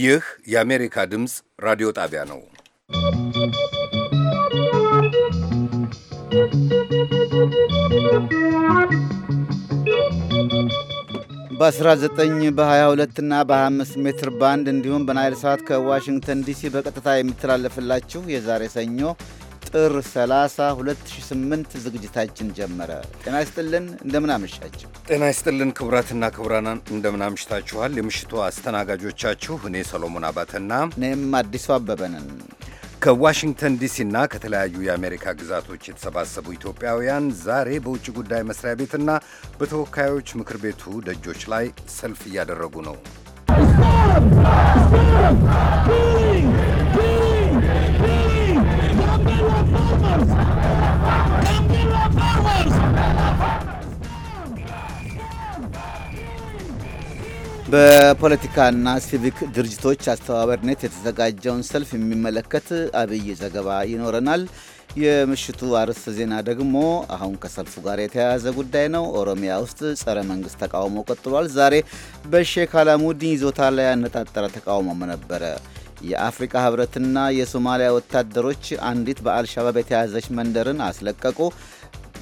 ይህ የአሜሪካ ድምፅ ራዲዮ ጣቢያ ነው። በ19 በ22 እና በ25 ሜትር ባንድ እንዲሁም በናይል ሰዓት ከዋሽንግተን ዲሲ በቀጥታ የሚተላለፍላችሁ የዛሬ ሰኞ ጥር 30 2008 ዝግጅታችን ጀመረ። ጤና ይስጥልን፣ እንደምን አመሻችሁ። ጤና ይስጥልን ክቡራትና ክቡራን፣ እንደምን አምሽታችኋል። የምሽቱ አስተናጋጆቻችሁ እኔ ሰሎሞን አባተና እኔም አዲሱ አበበ ነን። ከዋሽንግተን ዲሲና ከተለያዩ የአሜሪካ ግዛቶች የተሰባሰቡ ኢትዮጵያውያን ዛሬ በውጭ ጉዳይ መስሪያ ቤትና በተወካዮች ምክር ቤቱ ደጆች ላይ ሰልፍ እያደረጉ ነው። በፖለቲካና ሲቪክ ድርጅቶች አስተባባሪነት የተዘጋጀውን ሰልፍ የሚመለከት አብይ ዘገባ ይኖረናል። የምሽቱ አርዕስተ ዜና ደግሞ አሁን ከሰልፉ ጋር የተያያዘ ጉዳይ ነው። ኦሮሚያ ውስጥ ጸረ መንግስት ተቃውሞ ቀጥሏል። ዛሬ በሼክ አላሙዲን ይዞታ ላይ ያነጣጠረ ተቃውሞ ነበረ። የአፍሪካ ህብረትና የሶማሊያ ወታደሮች አንዲት በአልሻባብ የተያዘች መንደርን አስለቀቁ።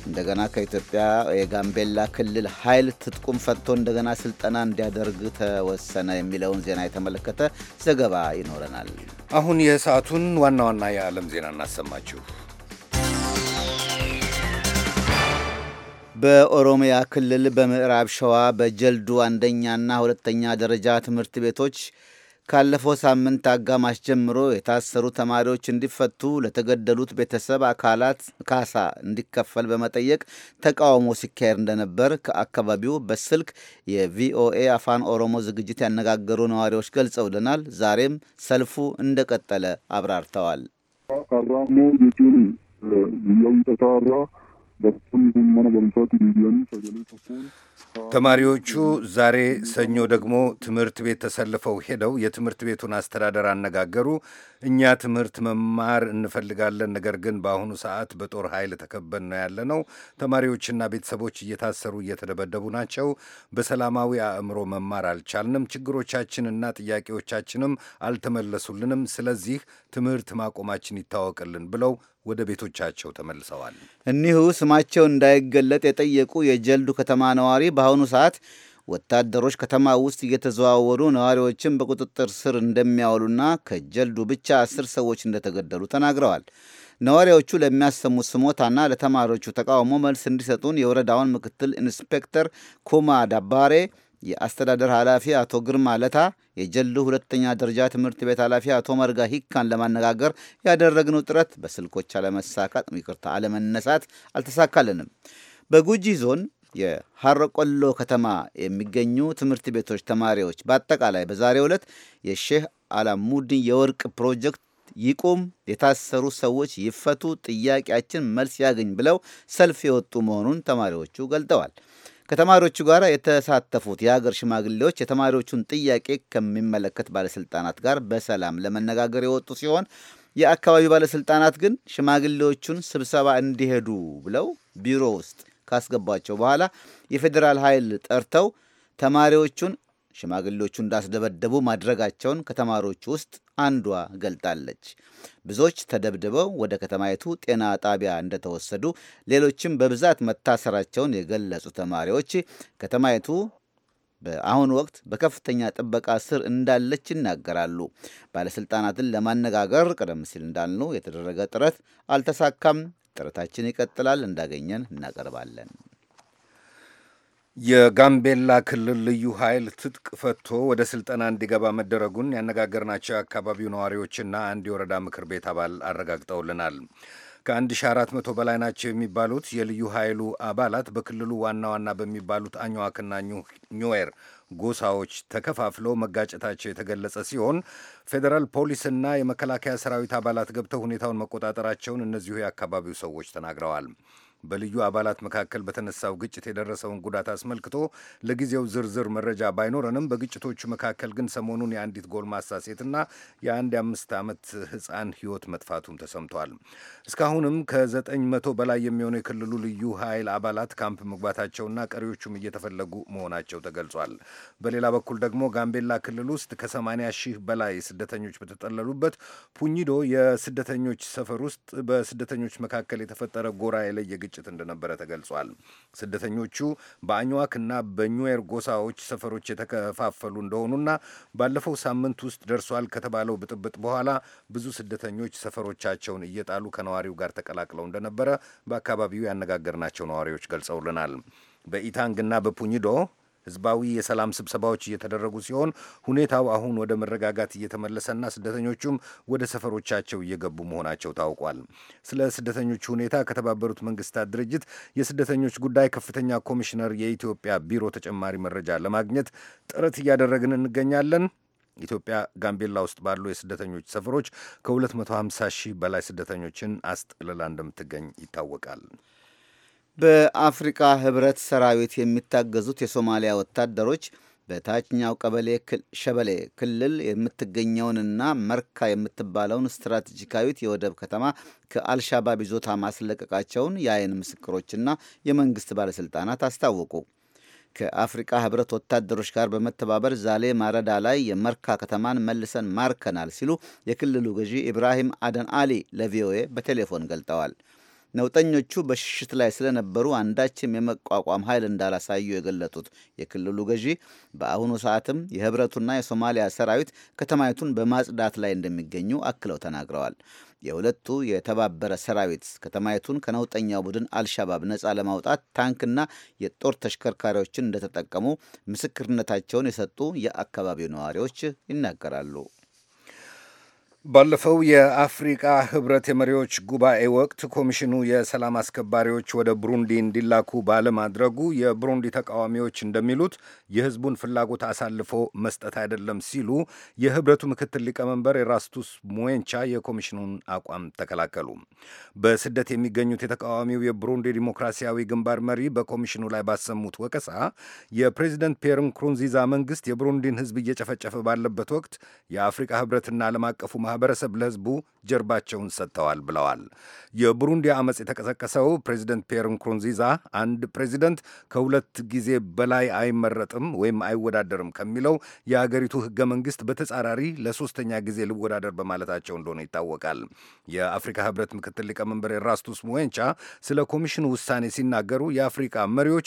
እንደገና ከኢትዮጵያ የጋምቤላ ክልል ኃይል ትጥቁም ፈትቶ እንደገና ስልጠና እንዲያደርግ ተወሰነ የሚለውን ዜና የተመለከተ ዘገባ ይኖረናል። አሁን የሰዓቱን ዋና ዋና የዓለም ዜና እናሰማችሁ። በኦሮሚያ ክልል በምዕራብ ሸዋ በጀልዱ አንደኛና ሁለተኛ ደረጃ ትምህርት ቤቶች ካለፈው ሳምንት አጋማሽ ጀምሮ የታሰሩ ተማሪዎች እንዲፈቱ ለተገደሉት ቤተሰብ አካላት ካሳ እንዲከፈል በመጠየቅ ተቃውሞ ሲካሄድ እንደነበር ከአካባቢው በስልክ የቪኦኤ አፋን ኦሮሞ ዝግጅት ያነጋገሩ ነዋሪዎች ገልጸውልናል። ዛሬም ሰልፉ እንደቀጠለ አብራርተዋል። ተማሪዎቹ ዛሬ ሰኞ ደግሞ ትምህርት ቤት ተሰልፈው ሄደው የትምህርት ቤቱን አስተዳደር አነጋገሩ። እኛ ትምህርት መማር እንፈልጋለን፣ ነገር ግን በአሁኑ ሰዓት በጦር ኃይል ተከበን ነው ነው። ተማሪዎችና ቤተሰቦች እየታሰሩ እየተደበደቡ ናቸው። በሰላማዊ አእምሮ መማር አልቻልንም። ችግሮቻችንና ጥያቄዎቻችንም አልተመለሱልንም። ስለዚህ ትምህርት ማቆማችን ይታወቅልን ብለው ወደ ቤቶቻቸው ተመልሰዋል። እኒሁ ስማቸው እንዳይገለጥ የጠየቁ የጀልዱ ከተማ ነዋሪ በተጨማሪ በአሁኑ ሰዓት ወታደሮች ከተማ ውስጥ እየተዘዋወሩ ነዋሪዎችን በቁጥጥር ስር እንደሚያውሉና ከጀልዱ ብቻ አስር ሰዎች እንደተገደሉ ተናግረዋል። ነዋሪዎቹ ለሚያሰሙት ስሞታና ለተማሪዎቹ ተቃውሞ መልስ እንዲሰጡን የወረዳውን ምክትል ኢንስፔክተር ኩማ ዳባሬ፣ የአስተዳደር ኃላፊ አቶ ግርማ ለታ፣ የጀልዱ ሁለተኛ ደረጃ ትምህርት ቤት ኃላፊ አቶ መርጋ ሂካን ለማነጋገር ያደረግነው ጥረት በስልኮች አለመሳካት ይቅርታ፣ አለመነሳት አልተሳካልንም። በጉጂ ዞን የሐረቆሎ ከተማ የሚገኙ ትምህርት ቤቶች ተማሪዎች በአጠቃላይ በዛሬው ዕለት የሼህ አላሙዲን የወርቅ ፕሮጀክት ይቁም፣ የታሰሩ ሰዎች ይፈቱ፣ ጥያቄያችን መልስ ያገኝ ብለው ሰልፍ የወጡ መሆኑን ተማሪዎቹ ገልጠዋል። ከተማሪዎቹ ጋር የተሳተፉት የሀገር ሽማግሌዎች የተማሪዎቹን ጥያቄ ከሚመለከት ባለስልጣናት ጋር በሰላም ለመነጋገር የወጡ ሲሆን የአካባቢው ባለስልጣናት ግን ሽማግሌዎቹን ስብሰባ እንዲሄዱ ብለው ቢሮ ውስጥ ካስገቧቸው በኋላ የፌዴራል ኃይል ጠርተው ተማሪዎቹን፣ ሽማግሌዎቹ እንዳስደበደቡ ማድረጋቸውን ከተማሪዎቹ ውስጥ አንዷ ገልጣለች። ብዙዎች ተደብድበው ወደ ከተማይቱ ጤና ጣቢያ እንደተወሰዱ፣ ሌሎችም በብዛት መታሰራቸውን የገለጹ ተማሪዎች ከተማይቱ በአሁኑ ወቅት በከፍተኛ ጥበቃ ስር እንዳለች ይናገራሉ። ባለስልጣናትን ለማነጋገር ቀደም ሲል እንዳልነው የተደረገ ጥረት አልተሳካም። ጥረታችን ይቀጥላል። እንዳገኘን እናቀርባለን። የጋምቤላ ክልል ልዩ ኃይል ትጥቅ ፈቶ ወደ ስልጠና እንዲገባ መደረጉን ያነጋገርናቸው የአካባቢው ነዋሪዎችና አንድ የወረዳ ምክር ቤት አባል አረጋግጠውልናል። ከ1400 በላይ ናቸው የሚባሉት የልዩ ኃይሉ አባላት በክልሉ ዋና ዋና በሚባሉት አኝዋክና ኙዌር ጎሳዎች ተከፋፍለው መጋጨታቸው የተገለጸ ሲሆን ፌዴራል ፖሊስና የመከላከያ ሰራዊት አባላት ገብተው ሁኔታውን መቆጣጠራቸውን እነዚሁ የአካባቢው ሰዎች ተናግረዋል። በልዩ አባላት መካከል በተነሳው ግጭት የደረሰውን ጉዳት አስመልክቶ ለጊዜው ዝርዝር መረጃ ባይኖረንም በግጭቶቹ መካከል ግን ሰሞኑን የአንዲት ጎልማሳ ሴትና የአንድ የአምስት ዓመት ሕፃን ሕይወት መጥፋቱም ተሰምቷል። እስካሁንም ከዘጠኝ መቶ በላይ የሚሆኑ የክልሉ ልዩ ኃይል አባላት ካምፕ መግባታቸውና ቀሪዎቹም እየተፈለጉ መሆናቸው ተገልጿል። በሌላ በኩል ደግሞ ጋምቤላ ክልል ውስጥ ከሰማንያ ሺህ በላይ ስደተኞች በተጠለሉበት ፑኝዶ የስደተኞች ሰፈር ውስጥ በስደተኞች መካከል የተፈጠረ ጎራ የለየ ግጭት ግጭት እንደነበረ ተገልጿል። ስደተኞቹ በአኝዋክና በኙዌር ጎሳዎች ሰፈሮች የተከፋፈሉ እንደሆኑና ባለፈው ሳምንት ውስጥ ደርሷል ከተባለው ብጥብጥ በኋላ ብዙ ስደተኞች ሰፈሮቻቸውን እየጣሉ ከነዋሪው ጋር ተቀላቅለው እንደነበረ በአካባቢው ያነጋገርናቸው ነዋሪዎች ገልጸውልናል። በኢታንግና በፑኝዶ ህዝባዊ የሰላም ስብሰባዎች እየተደረጉ ሲሆን ሁኔታው አሁን ወደ መረጋጋት እየተመለሰና ስደተኞቹም ወደ ሰፈሮቻቸው እየገቡ መሆናቸው ታውቋል። ስለ ስደተኞቹ ሁኔታ ከተባበሩት መንግስታት ድርጅት የስደተኞች ጉዳይ ከፍተኛ ኮሚሽነር የኢትዮጵያ ቢሮ ተጨማሪ መረጃ ለማግኘት ጥረት እያደረግን እንገኛለን። ኢትዮጵያ ጋምቤላ ውስጥ ባሉ የስደተኞች ሰፈሮች ከ250 ሺህ በላይ ስደተኞችን አስጥልላ እንደምትገኝ ይታወቃል። በአፍሪቃ ህብረት ሰራዊት የሚታገዙት የሶማሊያ ወታደሮች በታችኛው ቀበሌ ሸበሌ ክልል የምትገኘውንና መርካ የምትባለውን ስትራቴጂካዊት የወደብ ከተማ ከአልሻባብ ይዞታ ማስለቀቃቸውን የአይን ምስክሮችና የመንግስት ባለሥልጣናት አስታወቁ። ከአፍሪቃ ህብረት ወታደሮች ጋር በመተባበር ዛሌ ማረዳ ላይ የመርካ ከተማን መልሰን ማርከናል ሲሉ የክልሉ ገዢ ኢብራሂም አደን አሊ ለቪኦኤ በቴሌፎን ገልጠዋል። ነውጠኞቹ በሽሽት ላይ ስለነበሩ አንዳችም የመቋቋም ኃይል እንዳላሳዩ የገለጡት የክልሉ ገዢ በአሁኑ ሰዓትም የህብረቱና የሶማሊያ ሰራዊት ከተማይቱን በማጽዳት ላይ እንደሚገኙ አክለው ተናግረዋል። የሁለቱ የተባበረ ሰራዊት ከተማይቱን ከነውጠኛው ቡድን አልሻባብ ነጻ ለማውጣት ታንክና የጦር ተሽከርካሪዎችን እንደተጠቀሙ ምስክርነታቸውን የሰጡ የአካባቢው ነዋሪዎች ይናገራሉ። ባለፈው የአፍሪቃ ህብረት የመሪዎች ጉባኤ ወቅት ኮሚሽኑ የሰላም አስከባሪዎች ወደ ብሩንዲ እንዲላኩ ባለማድረጉ የብሩንዲ ተቃዋሚዎች እንደሚሉት የህዝቡን ፍላጎት አሳልፎ መስጠት አይደለም ሲሉ የህብረቱ ምክትል ሊቀመንበር ኤራስቱስ ሙዌንቻ የኮሚሽኑን አቋም ተከላከሉ። በስደት የሚገኙት የተቃዋሚው የብሩንዲ ዲሞክራሲያዊ ግንባር መሪ በኮሚሽኑ ላይ ባሰሙት ወቀሳ የፕሬዚደንት ፒየር ንኩሩንዚዛ መንግስት የብሩንዲን ህዝብ እየጨፈጨፈ ባለበት ወቅት የአፍሪቃ ህብረትና ዓለም አቀፉ ማህበረሰብ ለህዝቡ ጀርባቸውን ሰጥተዋል ብለዋል። የቡሩንዲ ዓመፅ የተቀሰቀሰው ፕሬዚደንት ፒየር ንኩሩንዚዛ አንድ ፕሬዚደንት ከሁለት ጊዜ በላይ አይመረጥም ወይም አይወዳደርም ከሚለው የአገሪቱ ህገ መንግስት በተጻራሪ ለሶስተኛ ጊዜ ልወዳደር በማለታቸው እንደሆነ ይታወቃል። የአፍሪካ ህብረት ምክትል ሊቀመንበር ኤራስቱስ ሙዌንቻ ስለ ኮሚሽኑ ውሳኔ ሲናገሩ የአፍሪካ መሪዎች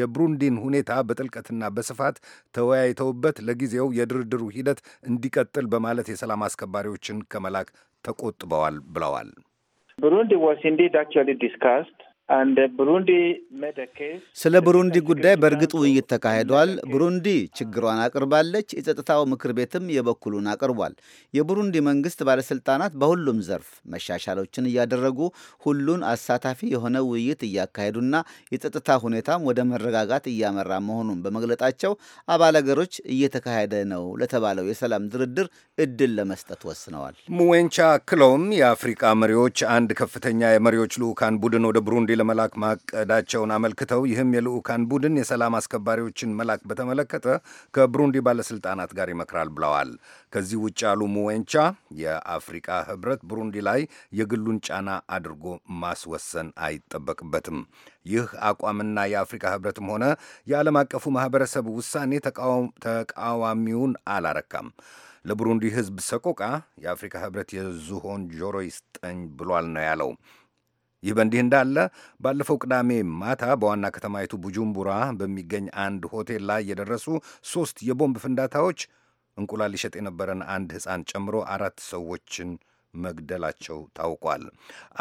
የብሩንዲን ሁኔታ በጥልቀትና በስፋት ተወያይተውበት ለጊዜው የድርድሩ ሂደት እንዲቀጥል በማለት የሰላም ሰላም አስከባሪዎችን ከመላክ ተቆጥበዋል ብለዋል። ብሩንዲ ዋስ ኢንዲድ አክቹዋሊ ዲስካስድ Uh, ስለ ብሩንዲ ጉዳይ በእርግጥ ውይይት ተካሂዷል። ብሩንዲ ችግሯን አቅርባለች። የጸጥታው ምክር ቤትም የበኩሉን አቅርቧል። የብሩንዲ መንግስት ባለስልጣናት በሁሉም ዘርፍ መሻሻሎችን እያደረጉ ሁሉን አሳታፊ የሆነ ውይይት እያካሄዱና የጸጥታ ሁኔታም ወደ መረጋጋት እያመራ መሆኑን በመግለጣቸው አባል አገሮች እየተካሄደ ነው ለተባለው የሰላም ድርድር እድል ለመስጠት ወስነዋል። ሙዌንቻ አክለውም የአፍሪቃ መሪዎች አንድ ከፍተኛ የመሪዎች ልዑካን ቡድን ወደ ብሩንዲ ለመላክ ማቀዳቸውን አመልክተው ይህም የልዑካን ቡድን የሰላም አስከባሪዎችን መላክ በተመለከተ ከብሩንዲ ባለሥልጣናት ጋር ይመክራል ብለዋል። ከዚህ ውጭ ያሉ ሙዌንቻ የአፍሪቃ ህብረት ብሩንዲ ላይ የግሉን ጫና አድርጎ ማስወሰን አይጠበቅበትም። ይህ አቋምና የአፍሪካ ህብረትም ሆነ የዓለም አቀፉ ማኅበረሰብ ውሳኔ ተቃዋሚውን አላረካም። ለብሩንዲ ህዝብ ሰቆቃ የአፍሪካ ህብረት የዝሆን ጆሮ ይስጠኝ ብሏል ነው ያለው። ይህ በእንዲህ እንዳለ ባለፈው ቅዳሜ ማታ በዋና ከተማይቱ ቡጁምቡራ በሚገኝ አንድ ሆቴል ላይ የደረሱ ሦስት የቦምብ ፍንዳታዎች እንቁላል ይሸጥ የነበረን አንድ ሕፃን ጨምሮ አራት ሰዎችን መግደላቸው ታውቋል።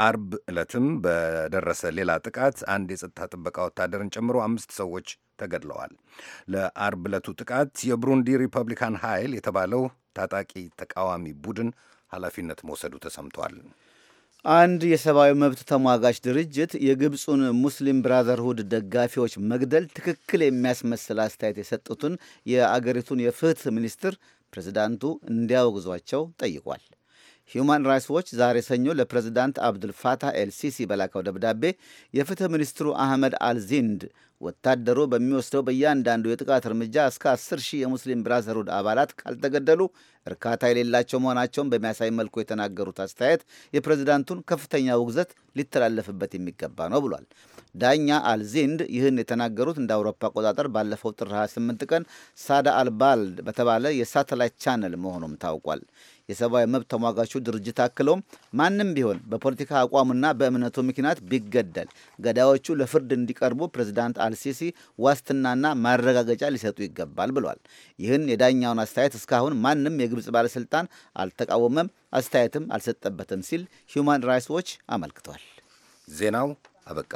አርብ ዕለትም በደረሰ ሌላ ጥቃት አንድ የጸጥታ ጥበቃ ወታደርን ጨምሮ አምስት ሰዎች ተገድለዋል። ለአርብ ዕለቱ ጥቃት የብሩንዲ ሪፐብሊካን ኃይል የተባለው ታጣቂ ተቃዋሚ ቡድን ኃላፊነት መውሰዱ ተሰምቷል። አንድ የሰብአዊ መብት ተሟጋች ድርጅት የግብፁን ሙስሊም ብራዘርሁድ ደጋፊዎች መግደል ትክክል የሚያስመስል አስተያየት የሰጡትን የአገሪቱን የፍትህ ሚኒስትር ፕሬዚዳንቱ እንዲያወግዟቸው ጠይቋል። ሂዩማን ራይትስ ዎች ዛሬ ሰኞ ለፕሬዚዳንት አብዱልፋታህ ኤልሲሲ በላከው ደብዳቤ የፍትህ ሚኒስትሩ አህመድ አልዚንድ ወታደሩ በሚወስደው በእያንዳንዱ የጥቃት እርምጃ እስከ 10 ሺህ የሙስሊም ብራዘርሁድ አባላት ካልተገደሉ እርካታ የሌላቸው መሆናቸውን በሚያሳይ መልኩ የተናገሩት አስተያየት የፕሬዚዳንቱን ከፍተኛ ውግዘት ሊተላለፍበት የሚገባ ነው ብሏል። ዳኛ አልዚንድ ይህን የተናገሩት እንደ አውሮፓ አቆጣጠር ባለፈው ጥር 28 ቀን ሳዳ አልባልድ በተባለ የሳተላይት ቻነል መሆኑም ታውቋል። የሰብአዊ መብት ተሟጋቹ ድርጅት አክለውም ማንም ቢሆን በፖለቲካ አቋሙና በእምነቱ ምክንያት ቢገደል ገዳዮቹ ለፍርድ እንዲቀርቡ ፕሬዚዳንት አልሲሲ ዋስትናና ማረጋገጫ ሊሰጡ ይገባል ብሏል። ይህን የዳኛውን አስተያየት እስካሁን ማንም የግብፅ ባለስልጣን አልተቃወመም፣ አስተያየትም አልሰጠበትም ሲል ሂዩማን ራይትስ ዎች አመልክቷል። ዜናው አበቃ።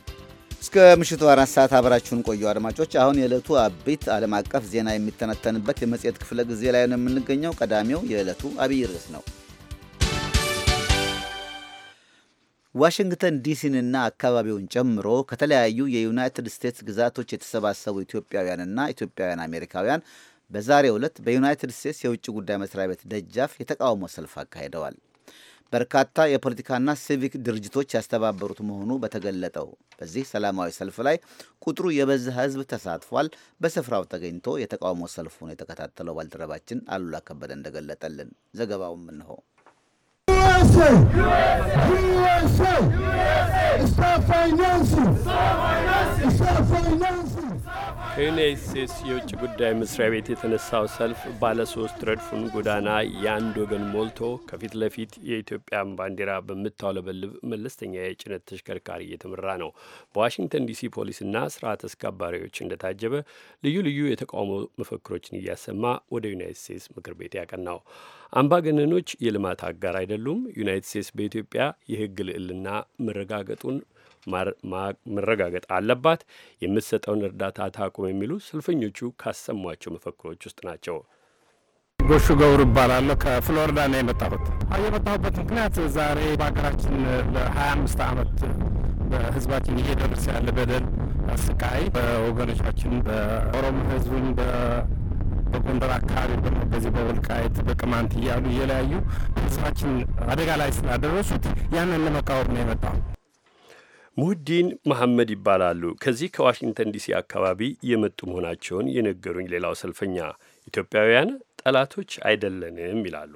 እስከ ምሽቱ አራት ሰዓት አብራችሁን ቆዩ አድማጮች። አሁን የዕለቱ አበይት ዓለም አቀፍ ዜና የሚተነተንበት የመጽሔት ክፍለ ጊዜ ላይ ነው የምንገኘው። ቀዳሚው የዕለቱ አብይ ርዕስ ነው። ዋሽንግተን ዲሲንና አካባቢውን ጨምሮ ከተለያዩ የዩናይትድ ስቴትስ ግዛቶች የተሰባሰቡ ኢትዮጵያውያንና ኢትዮጵያውያን አሜሪካውያን በዛሬው ዕለት በዩናይትድ ስቴትስ የውጭ ጉዳይ መስሪያ ቤት ደጃፍ የተቃውሞ ሰልፍ አካሂደዋል። በርካታ የፖለቲካና ሲቪክ ድርጅቶች ያስተባበሩት መሆኑ በተገለጠው በዚህ ሰላማዊ ሰልፍ ላይ ቁጥሩ የበዛ ሕዝብ ተሳትፏል። በስፍራው ተገኝቶ የተቃውሞ ሰልፉን የተከታተለው ባልደረባችን አሉላ ከበደ እንደገለጠልን ዘገባውም እንሆ። ከዩናይት ስቴትስ የውጭ ጉዳይ መስሪያ ቤት የተነሳው ሰልፍ ባለሶስት ረድፉን ጎዳና የአንድ ወገን ሞልቶ ከፊት ለፊት የኢትዮጵያን ባንዲራ በምታውለበልብ መለስተኛ የጭነት ተሽከርካሪ እየተመራ ነው። በዋሽንግተን ዲሲ ፖሊስና ስርዓት አስከባሪዎች እንደታጀበ ልዩ ልዩ የተቃውሞ መፈክሮችን እያሰማ ወደ ዩናይት ስቴትስ ምክር ቤት ያቀናው አምባገነኖች የልማት አጋር አይደሉም፣ ዩናይት ስቴትስ በኢትዮጵያ የህግ ልዕልና መረጋገጡን መረጋገጥ አለባት፣ የምትሰጠውን እርዳታ ታቁም የሚሉ ሰልፈኞቹ ካሰሟቸው መፈክሮች ውስጥ ናቸው። ጎሹ ገብሩ እባላለሁ። ከፍሎሪዳ ነው የመጣሁት። የመጣሁበት ምክንያት ዛሬ በሀገራችን ለ25 ዓመት በህዝባችን እየደረሰ ያለ በደል፣ ስቃይ በወገኖቻችን በኦሮሞ ህዝብን በጎንደር አካባቢ በዚህ በወልቃይት በቅማንት እያሉ እየለያዩ ህዝባችን አደጋ ላይ ስላደረሱት ያንን ለመቃወም ነው የመጣሁት። ሙህዲን መሐመድ ይባላሉ። ከዚህ ከዋሽንግተን ዲሲ አካባቢ የመጡ መሆናቸውን የነገሩኝ ሌላው ሰልፈኛ ኢትዮጵያውያን ጠላቶች አይደለንም ይላሉ።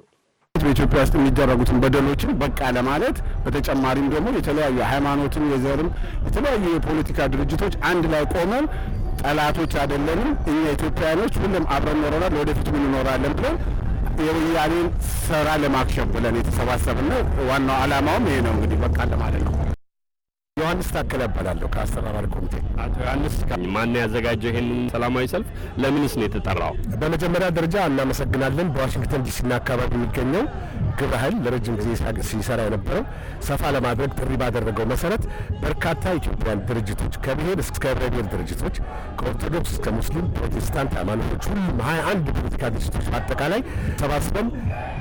በኢትዮጵያ ውስጥ የሚደረጉትን በደሎችን በቃ ለማለት በተጨማሪም ደግሞ የተለያዩ ሃይማኖትን፣ የዘርም የተለያዩ የፖለቲካ ድርጅቶች አንድ ላይ ቆመን ጠላቶች አይደለንም እኛ ኢትዮጵያውያኖች ሁሉም አብረን ኖረናል፣ ምን እንኖራለን ብለን የወያኔን ስራ ለማክሸፍ ብለን የተሰባሰብን ነው። ዋናው አላማውም ይሄ ነው እንግዲህ በቃ ለማለት ነው። ዮሐንስ ታከለ እባላለሁ ከአስተባባሪ ኮሚቴ። አቶ ዮሐንስ ማን ያዘጋጀው ይህንን ሰላማዊ ሰልፍ? ለምንስ ነው የተጠራው? በመጀመሪያ ደረጃ እናመሰግናለን። በዋሽንግተን ዲሲና አካባቢ የሚገኘው ግብረ ኃይል ለረጅም ጊዜ ሲሰራ የነበረው ሰፋ ለማድረግ ጥሪ ባደረገው መሰረት በርካታ ኢትዮጵያን ድርጅቶች ከብሔር እስከ ህብረ ብሔር ድርጅቶች ከኦርቶዶክስ እስከ ሙስሊም፣ ፕሮቴስታንት ሃይማኖቶች ሁሉም ሀያ አንድ ፖለቲካ ድርጅቶች በአጠቃላይ ሰባስበን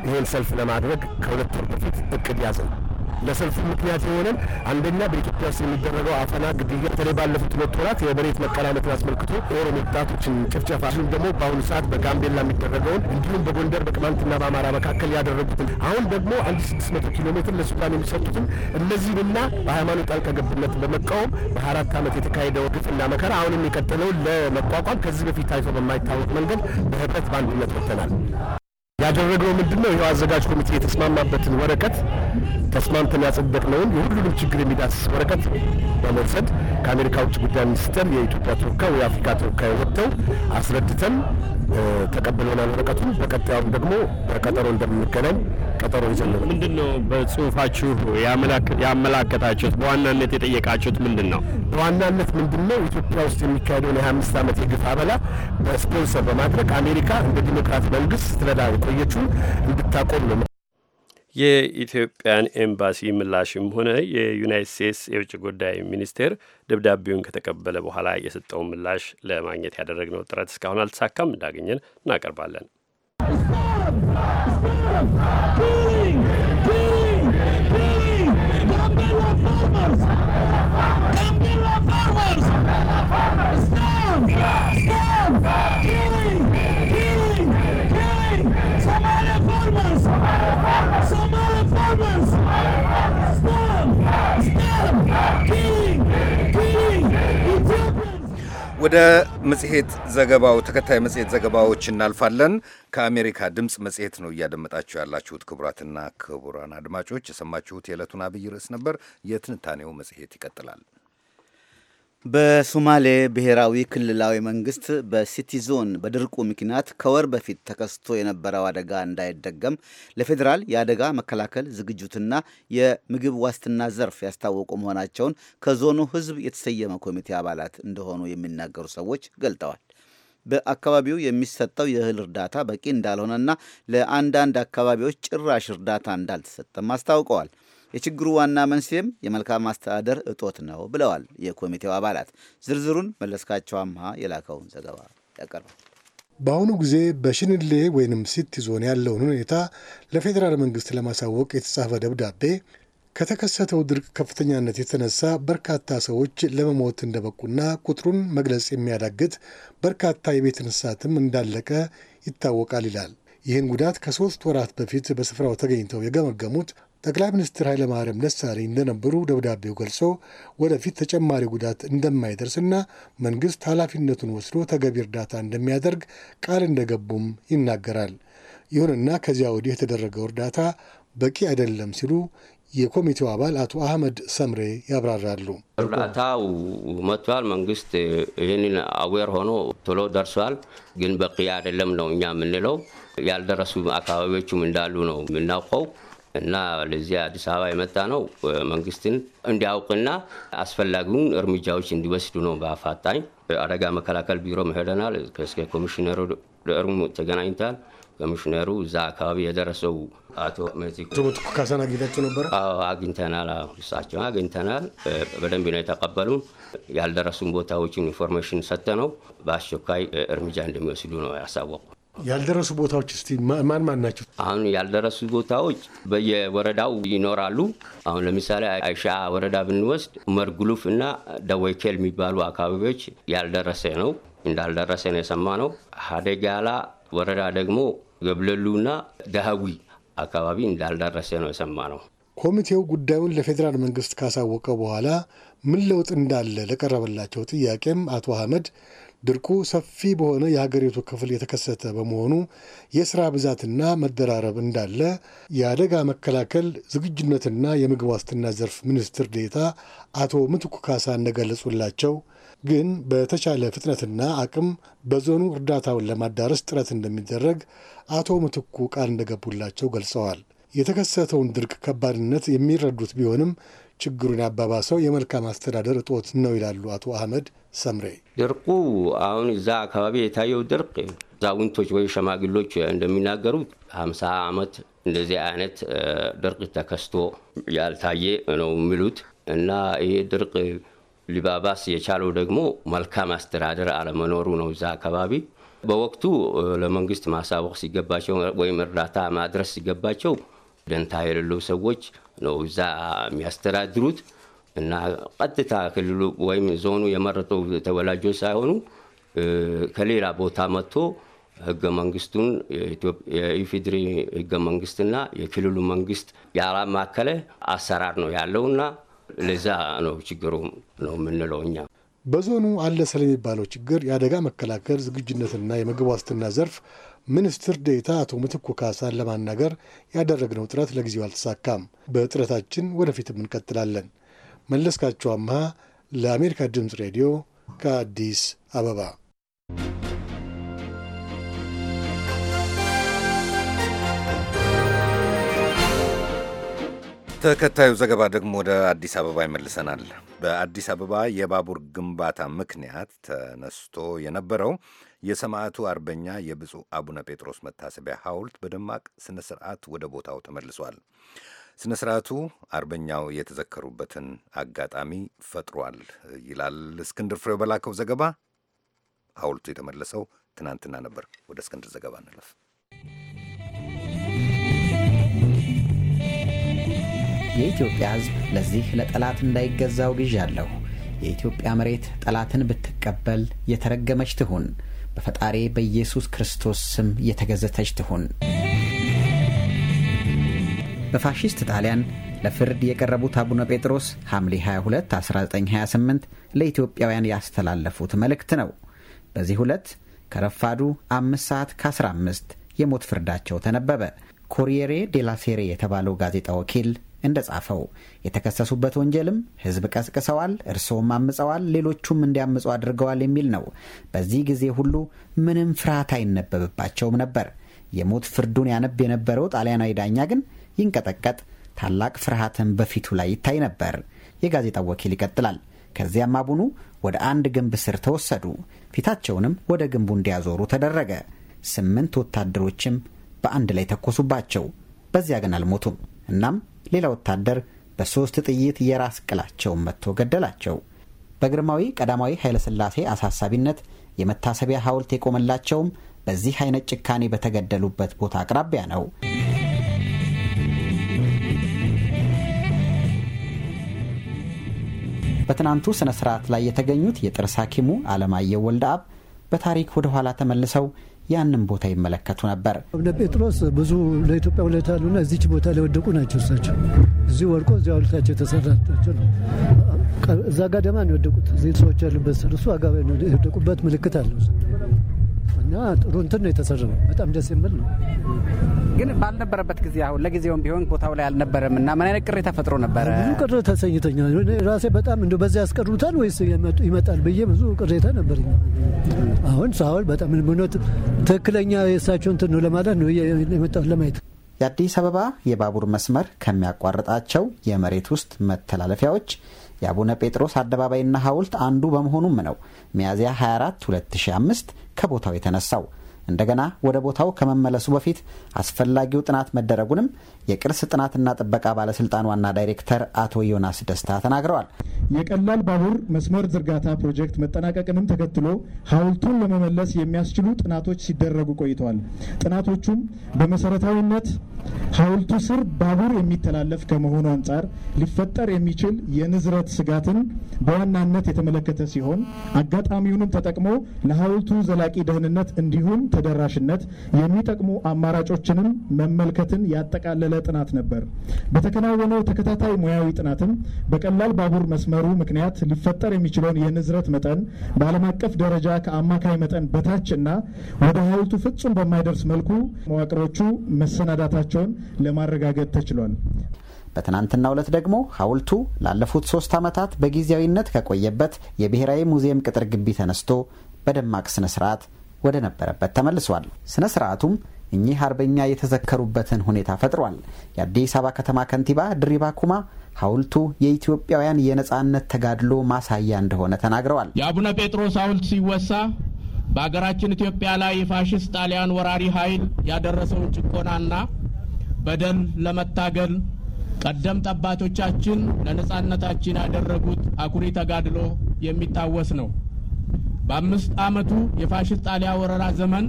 ይህን ሰልፍ ለማድረግ ከሁለት ወር በፊት እቅድ ያዘ ነው። ለሰልፉ ምክንያት የሆነን አንደኛ በኢትዮጵያ ውስጥ የሚደረገው አፈና፣ ግድያ በተለይ ባለፉት ሁለት ወራት የመሬት መቀላመትን አስመልክቶ የኦሮሞ ወጣቶችን ጭፍጨፋ እንዲሁም ደግሞ በአሁኑ ሰዓት በጋምቤላ የሚደረገውን እንዲሁም በጎንደር በቅማንትና በአማራ መካከል ያደረጉትን አሁን ደግሞ አንድ ስድስት መቶ ኪሎ ሜትር ለሱዳን የሚሰጡትን እነዚህንና በሃይማኖት ጣልቃ ገብነት በመቃወም በአራት ዓመት የተካሄደው ግፍና መከራ አሁንም የቀጠለውን ለመቋቋም ከዚህ በፊት ታይቶ በማይታወቅ መንገድ በህብረት በአንድነት ወጥተናል። ያደረገው ምንድን ነው? ይኸው አዘጋጅ ኮሚቴ የተስማማበትን ወረቀት ተስማምተን ያጸደቅነውን የሁሉንም ችግር የሚዳስስ ወረቀት በመውሰድ ከአሜሪካ ውጭ ጉዳይ ሚኒስቴር የኢትዮጵያ ተወካይ የአፍሪካ ተወካይ ወጥተው አስረድተን ተቀብለናል ወረቀቱን። በቀጣዩም ደግሞ በቀጠሮ እንደምንገናኝ ቀጠሮ ይዘናል። ምንድን ነው በጽሁፋችሁ ያመላከታችሁት? በዋናነት የጠየቃችሁት ምንድን ነው? በዋናነት ምንድን ነው ኢትዮጵያ ውስጥ የሚካሄደውን የ25 ዓመት የግፍ አበላ በስፖንሰር በማድረግ አሜሪካ እንደ ዲሞክራት መንግስት ስትረዳ ያሳየችውን እንድታቆም ነው። የኢትዮጵያን ኤምባሲ ምላሽም ሆነ የዩናይት ስቴትስ የውጭ ጉዳይ ሚኒስቴር ደብዳቤውን ከተቀበለ በኋላ የሰጠውን ምላሽ ለማግኘት ያደረግነው ጥረት እስካሁን አልተሳካም። እንዳገኘን እናቀርባለን። farmers! Somali farmers! Stop! Stop! Killing! Killing! Ethiopians! ወደ መጽሔት ዘገባው ተከታይ መጽሔት ዘገባዎች እናልፋለን። ከአሜሪካ ድምፅ መጽሔት ነው እያደመጣችሁ ያላችሁት። ክቡራትና ክቡራን አድማጮች የሰማችሁት የዕለቱን አብይ ርዕስ ነበር። የትንታኔው መጽሔት ይቀጥላል። በሶማሌ ብሔራዊ ክልላዊ መንግስት በሲቲ ዞን በድርቁ ምክንያት ከወር በፊት ተከስቶ የነበረው አደጋ እንዳይደገም ለፌዴራል የአደጋ መከላከል ዝግጁትና የምግብ ዋስትና ዘርፍ ያስታወቁ መሆናቸውን ከዞኑ ሕዝብ የተሰየመ ኮሚቴ አባላት እንደሆኑ የሚናገሩ ሰዎች ገልጠዋል። በአካባቢው የሚሰጠው የእህል እርዳታ በቂ እንዳልሆነና ለአንዳንድ አካባቢዎች ጭራሽ እርዳታ እንዳልተሰጠም አስታውቀዋል። የችግሩ ዋና መንስኤም የመልካም አስተዳደር እጦት ነው ብለዋል የኮሚቴው አባላት። ዝርዝሩን መለስካቸው አምሃ የላከውን ዘገባ ያቀርባል። በአሁኑ ጊዜ በሽንሌ ወይንም ሲቲ ዞን ያለውን ሁኔታ ለፌዴራል መንግስት ለማሳወቅ የተጻፈ ደብዳቤ ከተከሰተው ድርቅ ከፍተኛነት የተነሳ በርካታ ሰዎች ለመሞት እንደበቁና ቁጥሩን መግለጽ የሚያዳግት በርካታ የቤት እንስሳትም እንዳለቀ ይታወቃል ይላል። ይህን ጉዳት ከሶስት ወራት በፊት በስፍራው ተገኝተው የገመገሙት ጠቅላይ ሚኒስትር ኃይለማርያም ደሳለኝ እንደነበሩ ደብዳቤው ገልጾ ወደፊት ተጨማሪ ጉዳት እንደማይደርስና መንግስት ኃላፊነቱን ወስዶ ተገቢ እርዳታ እንደሚያደርግ ቃል እንደገቡም ይናገራል። ይሁንና ከዚያ ወዲህ የተደረገው እርዳታ በቂ አይደለም ሲሉ የኮሚቴው አባል አቶ አህመድ ሰምሬ ያብራራሉ። እርዳታው መጥቷል። መንግስት ይህንን አዌር ሆኖ ቶሎ ደርሷል፣ ግን በቂ አይደለም ነው እኛ የምንለው። ያልደረሱ አካባቢዎችም እንዳሉ ነው የምናውቀው። እና ለዚህ አዲስ አበባ የመጣ ነው መንግስትን እንዲያውቅና አስፈላጊውን እርምጃዎች እንዲወስዱ ነው። በአፋጣኝ አደጋ መከላከል ቢሮ መሄደናል። እስከ ኮሚሽነሩ ደርሙ ተገናኝታል። ኮሚሽነሩ እዛ አካባቢ የደረሰው አቶ ቱት ካሳን አግኝታችሁ ነበር? አግኝተናል። እሳቸውን አግኝተናል። በደንብ ነው የተቀበሉን። ያልደረሱን ቦታዎችን ኢንፎርሜሽን ሰጠ ነው። በአስቸኳይ እርምጃ እንደሚወስዱ ነው ያሳወቁ ያልደረሱ ቦታዎች እስቲ ማን ማን ናቸው? አሁን ያልደረሱ ቦታዎች በየወረዳው ይኖራሉ። አሁን ለምሳሌ አይሻ ወረዳ ብንወስድ መርጉሉፍ እና ደወይኬል የሚባሉ አካባቢዎች ያልደረሰ ነው እንዳልደረሰ ነው የሰማ ነው። ሀደጋላ ወረዳ ደግሞ ገብለሉና ደሀዊ አካባቢ እንዳልደረሰ ነው የሰማ ነው። ኮሚቴው ጉዳዩን ለፌዴራል መንግስት ካሳወቀ በኋላ ምን ለውጥ እንዳለ ለቀረበላቸው ጥያቄም አቶ አህመድ ድርቁ ሰፊ በሆነ የሀገሪቱ ክፍል የተከሰተ በመሆኑ የስራ ብዛትና መደራረብ እንዳለ የአደጋ መከላከል ዝግጁነትና የምግብ ዋስትና ዘርፍ ሚኒስትር ዴታ አቶ ምትኩ ካሳ እንደገለጹላቸው ግን በተቻለ ፍጥነትና አቅም በዞኑ እርዳታውን ለማዳረስ ጥረት እንደሚደረግ አቶ ምትኩ ቃል እንደገቡላቸው ገልጸዋል። የተከሰተውን ድርቅ ከባድነት የሚረዱት ቢሆንም ችግሩን ያባባሰው የመልካም አስተዳደር እጦት ነው ይላሉ አቶ አህመድ ሰምሬ። ድርቁ አሁን እዛ አካባቢ የታየው ድርቅ አዛውንቶች ወይ ሸማግሎች እንደሚናገሩት ሀምሳ ዓመት እንደዚህ አይነት ድርቅ ተከስቶ ያልታየ ነው የሚሉት እና ይሄ ድርቅ ሊባባስ የቻለው ደግሞ መልካም አስተዳደር አለመኖሩ ነው። እዛ አካባቢ በወቅቱ ለመንግስት ማሳወቅ ሲገባቸው ወይም እርዳታ ማድረስ ሲገባቸው ደንታ የሌለው ሰዎች ነው እዛ የሚያስተዳድሩት እና ቀጥታ ክልሉ ወይም ዞኑ የመረጠው ተወላጆች ሳይሆኑ ከሌላ ቦታ መጥቶ ህገ መንግስቱን የኢፌድሪ ህገ መንግስትና የክልሉ መንግስት ያላማከለ አሰራር ነው ያለውና ለዛ ነው ችግሩ ነው የምንለው እኛ። በዞኑ አለ ስለሚባለው ችግር የአደጋ መከላከል ዝግጁነትና የምግብ ዋስትና ዘርፍ ሚኒስትር ዴታ አቶ ምትኩ ካሳን ለማናገር ያደረግነው ጥረት ለጊዜው አልተሳካም። በጥረታችን ወደፊትም እንቀጥላለን። መለስካቸው አምሃ ለአሜሪካ ድምፅ ሬዲዮ ከአዲስ አበባ። ተከታዩ ዘገባ ደግሞ ወደ አዲስ አበባ ይመልሰናል። በአዲስ አበባ የባቡር ግንባታ ምክንያት ተነስቶ የነበረው የሰማዕቱ አርበኛ የብፁዕ አቡነ ጴጥሮስ መታሰቢያ ሐውልት በደማቅ ስነ ስርዓት ወደ ቦታው ተመልሷል። ስነ ስርዓቱ አርበኛው የተዘከሩበትን አጋጣሚ ፈጥሯል ይላል እስክንድር ፍሬው በላከው ዘገባ። ሐውልቱ የተመለሰው ትናንትና ነበር። ወደ እስክንድር ዘገባ እንለፍ። የኢትዮጵያ ሕዝብ ለዚህ ለጠላት እንዳይገዛው አለሁ። የኢትዮጵያ መሬት ጠላትን ብትቀበል የተረገመች ትሁን በፈጣሪ በኢየሱስ ክርስቶስ ስም የተገዘተች ትሁን። በፋሽስት ጣሊያን ለፍርድ የቀረቡት አቡነ ጴጥሮስ ሐምሌ 22 1928 ለኢትዮጵያውያን ያስተላለፉት መልእክት ነው። በዚህ ዕለት ከረፋዱ 5 ሰዓት ከ15 የሞት ፍርዳቸው ተነበበ። ኮሪየሬ ዴላ ሴሬ የተባለው ጋዜጣ ወኪል እንደጻፈው የተከሰሱበት ወንጀልም ህዝብ ቀስቅሰዋል፣ እርስዎም አምፀዋል፣ ሌሎቹም እንዲያምፁ አድርገዋል የሚል ነው። በዚህ ጊዜ ሁሉ ምንም ፍርሃት አይነበብባቸውም ነበር። የሞት ፍርዱን ያነብ የነበረው ጣሊያናዊ ዳኛ ግን ይንቀጠቀጥ፣ ታላቅ ፍርሃትን በፊቱ ላይ ይታይ ነበር። የጋዜጣው ወኪል ይቀጥላል። ከዚያም አቡኑ ወደ አንድ ግንብ ስር ተወሰዱ። ፊታቸውንም ወደ ግንቡ እንዲያዞሩ ተደረገ። ስምንት ወታደሮችም በአንድ ላይ ተኮሱባቸው። በዚያ ግን አልሞቱም። እናም ሌላ ወታደር በሶስት ጥይት የራስ ቅላቸውን መጥቶ ገደላቸው። በግርማዊ ቀዳማዊ ኃይለሥላሴ አሳሳቢነት የመታሰቢያ ሐውልት የቆመላቸውም በዚህ አይነት ጭካኔ በተገደሉበት ቦታ አቅራቢያ ነው። በትናንቱ ሥነ ሥርዓት ላይ የተገኙት የጥርስ ሐኪሙ አለማየሁ ወልደአብ በታሪክ ወደ ኋላ ተመልሰው ያንን ቦታ ይመለከቱ ነበር። አቡነ ጴጥሮስ ብዙ ለኢትዮጵያ ውለታ ያሉና እዚች ቦታ ላይ ወደቁ ናቸው። እሳቸው እዚህ ወድቆ እዚያ ውለታቸው የተሰራቸው ነው። እዛ ጋ ደማ ነው የወደቁት። እዚህ ሰዎች ያሉበት እሱ ነው የወደቁበት ምልክት አለው። እና ጥሩ እንትን ነው የተሰራው። በጣም ደስ የሚል ነው። ግን ባልነበረበት ጊዜ አሁን ለጊዜውም ቢሆን ቦታው ላይ አልነበረም እና ምን አይነት ቅሬታ ፈጥሮ ነበረ? ብዙ ቅሬታ ተሰኝተኛል ራሴ በጣም እንደ በዚህ ያስቀሩታል ወይስ ይመጣል ብዬ ብዙ ቅሬታ ነበር። አሁን ሳሁን በጣም ምኖት ትክክለኛ የእሳቸው እንትን ነው ለማለት ነው የመጣሁት ለማየት የአዲስ አበባ የባቡር መስመር ከሚያቋርጣቸው የመሬት ውስጥ መተላለፊያዎች የአቡነ ጴጥሮስ አደባባይና ሐውልት አንዱ በመሆኑም ነው ሚያዝያ 24 2005 ከቦታው የተነሳው። እንደገና ወደ ቦታው ከመመለሱ በፊት አስፈላጊው ጥናት መደረጉንም የቅርስ ጥናትና ጥበቃ ባለስልጣን ዋና ዳይሬክተር አቶ ዮናስ ደስታ ተናግረዋል። የቀላል ባቡር መስመር ዝርጋታ ፕሮጀክት መጠናቀቅንም ተከትሎ ሐውልቱን ለመመለስ የሚያስችሉ ጥናቶች ሲደረጉ ቆይተዋል። ጥናቶቹም በመሰረታዊነት ሐውልቱ ስር ባቡር የሚተላለፍ ከመሆኑ አንጻር ሊፈጠር የሚችል የንዝረት ስጋትን በዋናነት የተመለከተ ሲሆን አጋጣሚውንም ተጠቅሞ ለሐውልቱ ዘላቂ ደህንነት እንዲሁም ተደራሽነት የሚጠቅሙ አማራጮችንም መመልከትን ያጠቃለለ ጥናት ነበር። በተከናወነው ተከታታይ ሙያዊ ጥናትም በቀላል ባቡር መስመሩ ምክንያት ሊፈጠር የሚችለውን የንዝረት መጠን በዓለም አቀፍ ደረጃ ከአማካይ መጠን በታች እና ወደ ሐውልቱ ፍጹም በማይደርስ መልኩ መዋቅሮቹ መሰናዳታቸውን ለማረጋገጥ ተችሏል። በትናንትና ዕለት ደግሞ ሐውልቱ ላለፉት ሶስት ዓመታት በጊዜያዊነት ከቆየበት የብሔራዊ ሙዚየም ቅጥር ግቢ ተነስቶ በደማቅ ስነ ስርዓት ወደ ነበረበት ተመልሷል። ስነ ስርዓቱም እኚህ አርበኛ የተዘከሩበትን ሁኔታ ፈጥሯል። የአዲስ አበባ ከተማ ከንቲባ ድሪባ ኩማ ሐውልቱ የኢትዮጵያውያን የነፃነት ተጋድሎ ማሳያ እንደሆነ ተናግረዋል። የአቡነ ጴጥሮስ ሐውልት ሲወሳ በአገራችን ኢትዮጵያ ላይ የፋሽስት ጣሊያን ወራሪ ኃይል ያደረሰውን ጭቆናና በደም ለመታገል ቀደምት አባቶቻችን ለነጻነታችን ያደረጉት አኩሪ ተጋድሎ የሚታወስ ነው። በአምስት ዓመቱ የፋሽስት ጣሊያ ወረራ ዘመን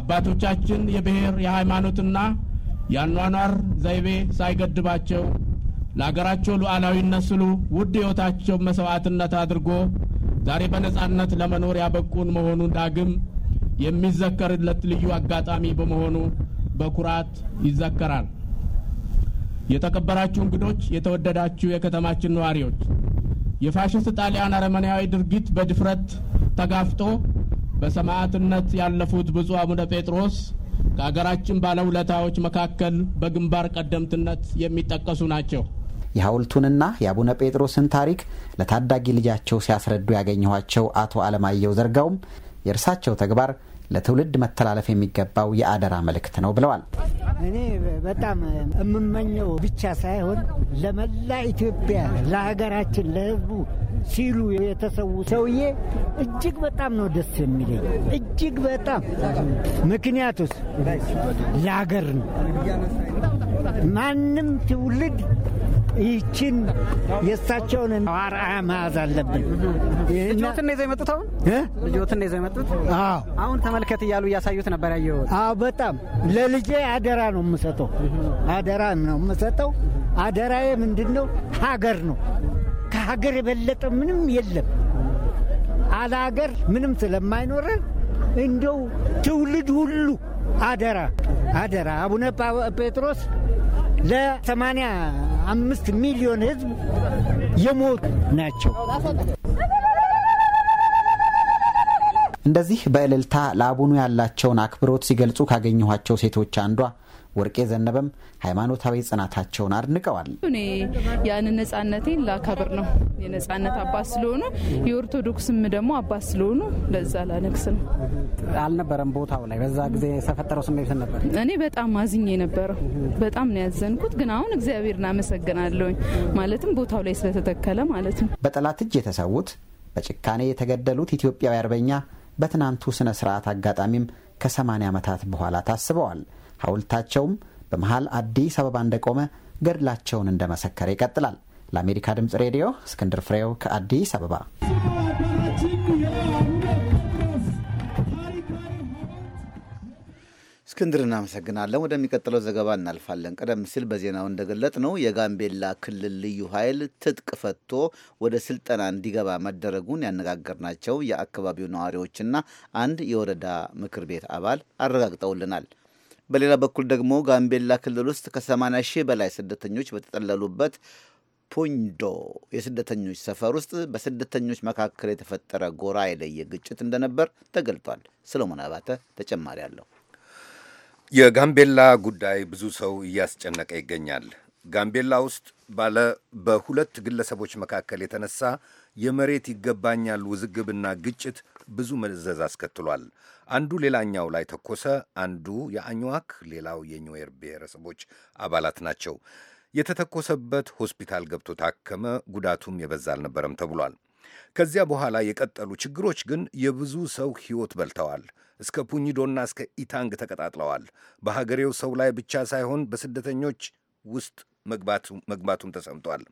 አባቶቻችን የብሔር የሃይማኖትና የአኗኗር ዘይቤ ሳይገድባቸው ለአገራቸው ሉዓላዊነት ስሉ ውድ ሕይወታቸው መሥዋዕትነት አድርጎ ዛሬ በነጻነት ለመኖር ያበቁን መሆኑን ዳግም የሚዘከርለት ልዩ አጋጣሚ በመሆኑ በኩራት ይዘከራል። የተከበራችሁ እንግዶች፣ የተወደዳችሁ የከተማችን ነዋሪዎች፣ የፋሽስት ጣሊያን አረመኔያዊ ድርጊት በድፍረት ተጋፍጦ በሰማዕትነት ያለፉት ብፁዕ አቡነ ጴጥሮስ ከሀገራችን ባለውለታዎች መካከል በግንባር ቀደምትነት የሚጠቀሱ ናቸው። የሐውልቱንና የአቡነ ጴጥሮስን ታሪክ ለታዳጊ ልጃቸው ሲያስረዱ ያገኘኋቸው አቶ አለማየሁ ዘርጋውም የእርሳቸው ተግባር ለትውልድ መተላለፍ የሚገባው የአደራ መልእክት ነው ብለዋል። እኔ በጣም የምመኘው ብቻ ሳይሆን ለመላ ኢትዮጵያ፣ ለሀገራችን፣ ለህዝቡ ሲሉ የተሰዉ ሰውዬ እጅግ በጣም ነው ደስ የሚለኝ እጅግ በጣም ምክንያቱስ ለሀገር ነው ማንም ትውልድ ይችን የእሳቸውን አርአያ መያዝ አለብን። ልጆትን ነው ይዘው የመጡት አሁን ልጆትን ነው ይዘው የመጡት አሁን ተመልከት እያሉ እያሳዩት ነበር ያየሁት። አዎ በጣም ለልጄ አደራ ነው የምሰጠው፣ አደራ ነው የምሰጠው። አደራዬ ምንድን ነው? ሀገር ነው። ከሀገር የበለጠ ምንም የለም። አለ ሀገር ምንም ስለማይኖረን እንደው ትውልድ ሁሉ አደራ አደራ አቡነ ጴጥሮስ ለ አምስት ሚሊዮን ህዝብ የሞቱ ናቸው። እንደዚህ በእልልታ ለአቡኑ ያላቸውን አክብሮት ሲገልጹ ካገኘኋቸው ሴቶች አንዷ ወርቄ ዘነበም ሃይማኖታዊ ጽናታቸውን አድንቀዋል። እኔ ያንን ነጻነቴን ላከብር ነው። የነጻነት አባት ስለሆኑ የኦርቶዶክስም ደግሞ አባት ስለሆኑ ለዛ ላነግስ ነው። አልነበረም ቦታው ላይ በዛ ጊዜ የተፈጠረው ስሜት ነበር። እኔ በጣም አዝኜ ነበረው። በጣም ነው ያዘንኩት። ግን አሁን እግዚአብሔርን አመሰግናለሁኝ። ማለትም ቦታው ላይ ስለተተከለ ማለት ነው። በጠላት እጅ የተሰዉት በጭካኔ የተገደሉት ኢትዮጵያዊ አርበኛ በትናንቱ ስነ ስርዓት አጋጣሚም ከ80 ዓመታት በኋላ ታስበዋል። ሐውልታቸውም በመሀል አዲስ አበባ እንደቆመ ገድላቸውን እንደመሰከረ ይቀጥላል። ለአሜሪካ ድምፅ ሬዲዮ እስክንድር ፍሬው ከአዲስ አበባ። እስክንድር እናመሰግናለን። ወደሚቀጥለው ዘገባ እናልፋለን። ቀደም ሲል በዜናው እንደገለጥ ነው የጋምቤላ ክልል ልዩ ኃይል ትጥቅ ፈቶ ወደ ስልጠና እንዲገባ መደረጉን ያነጋገርናቸው የአካባቢው ነዋሪዎችና አንድ የወረዳ ምክር ቤት አባል አረጋግጠውልናል። በሌላ በኩል ደግሞ ጋምቤላ ክልል ውስጥ ከ80 ሺህ በላይ ስደተኞች በተጠለሉበት ፑንዶ የስደተኞች ሰፈር ውስጥ በስደተኞች መካከል የተፈጠረ ጎራ የለየ ግጭት እንደነበር ተገልጧል። ሰሎሞን አባተ ተጨማሪ አለው። የጋምቤላ ጉዳይ ብዙ ሰው እያስጨነቀ ይገኛል። ጋምቤላ ውስጥ ባለ በሁለት ግለሰቦች መካከል የተነሳ የመሬት ይገባኛል ውዝግብና ግጭት ብዙ መዘዝ አስከትሏል። አንዱ ሌላኛው ላይ ተኮሰ። አንዱ የአኝዋክ ሌላው የኒዌር ብሔረሰቦች አባላት ናቸው። የተተኮሰበት ሆስፒታል ገብቶ ታከመ። ጉዳቱም የበዛ አልነበረም ተብሏል። ከዚያ በኋላ የቀጠሉ ችግሮች ግን የብዙ ሰው ሕይወት በልተዋል። እስከ ፑኝዶና እስከ ኢታንግ ተቀጣጥለዋል። በሀገሬው ሰው ላይ ብቻ ሳይሆን በስደተኞች ውስጥ መግባቱም ተሰምቷል።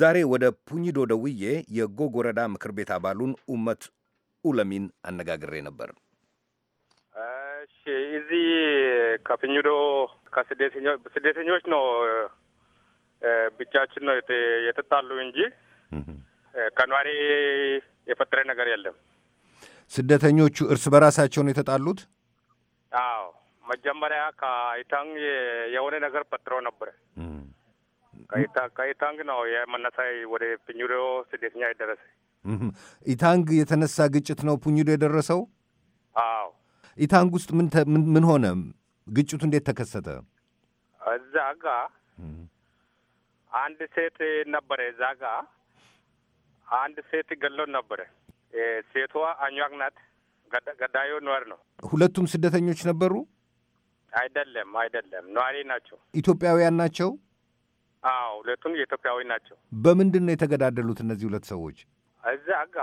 ዛሬ ወደ ፑኝዶ ደውዬ የጎግ ወረዳ ምክር ቤት አባሉን ኡመት ኡለሚን አነጋግሬ ነበር። እዚህ ከፑኝዶ ከስደተኞች ነው ብቻችን ነው የተጣሉ እንጂ ከኗሪ የፈጠረ ነገር የለም። ስደተኞቹ እርስ በራሳቸው ነው የተጣሉት። አዎ መጀመሪያ ከአይታን የሆነ ነገር ፈጥሮ ነበር። ከኢታንግ ነው የመነሳይ ወደ ፕኙዶ ስደተኛ የደረሰ ኢታንግ የተነሳ ግጭት ነው ፑኙዶ የደረሰው። አዎ ኢታንግ ውስጥ ምን ሆነ? ግጭቱ እንዴት ተከሰተ? እዛ ጋ አንድ ሴት ነበረ። እዛ ጋ አንድ ሴት ገሎን ነበረ። ሴቷ አኟክ ናት። ገዳዩ ነዋሪ ነው። ሁለቱም ስደተኞች ነበሩ? አይደለም፣ አይደለም ነዋሪ ናቸው። ኢትዮጵያውያን ናቸው። አዎ ሁለቱም የኢትዮጵያዊ ናቸው። በምንድን ነው የተገዳደሉት እነዚህ ሁለት ሰዎች? እዛ ጋ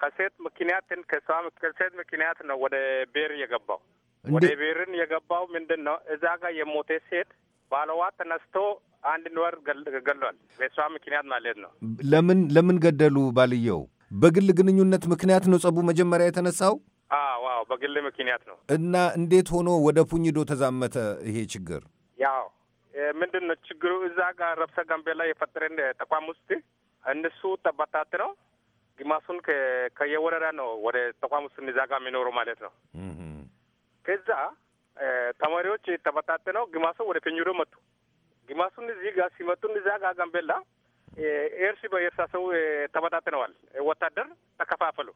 ከሴት ምክንያትን ከሷ ከሴት ምክንያት ነው ወደ ቤር የገባው። ወደ ቤርን የገባው ምንድን ነው እዛ ጋ የሞተ ሴት ባለዋ ተነስቶ አንድ ወር ገሏል። በሷ ምክንያት ማለት ነው። ለምን ለምን ገደሉ? ባልየው በግል ግንኙነት ምክንያት ነው ጸቡ መጀመሪያ የተነሳው። አዎ አዎ፣ በግል ምክንያት ነው። እና እንዴት ሆኖ ወደ ፑኝዶ ተዛመተ ይሄ ችግር? ያው ምንድን ነው ችግሩ? እዛ ጋር ረብሰ ጋምቤላ የፈጠረን ተቋም ውስጥ እነሱ ተበታት ነው። ግማሱን ከየወረዳ ነው ወደ ተቋም ውስጥ እዛ ጋር የሚኖሩ ማለት ነው። ከዛ ተማሪዎች ተበታት ነው። ወደ ፊንጆሮ መጡ። ግማሱን እዚህ ጋር ሲመጡ እዛ ጋር ጋምቤላ ኤርሲ በእርሳ ሰው ተበታትነዋል። ወታደር ተከፋፈሉ።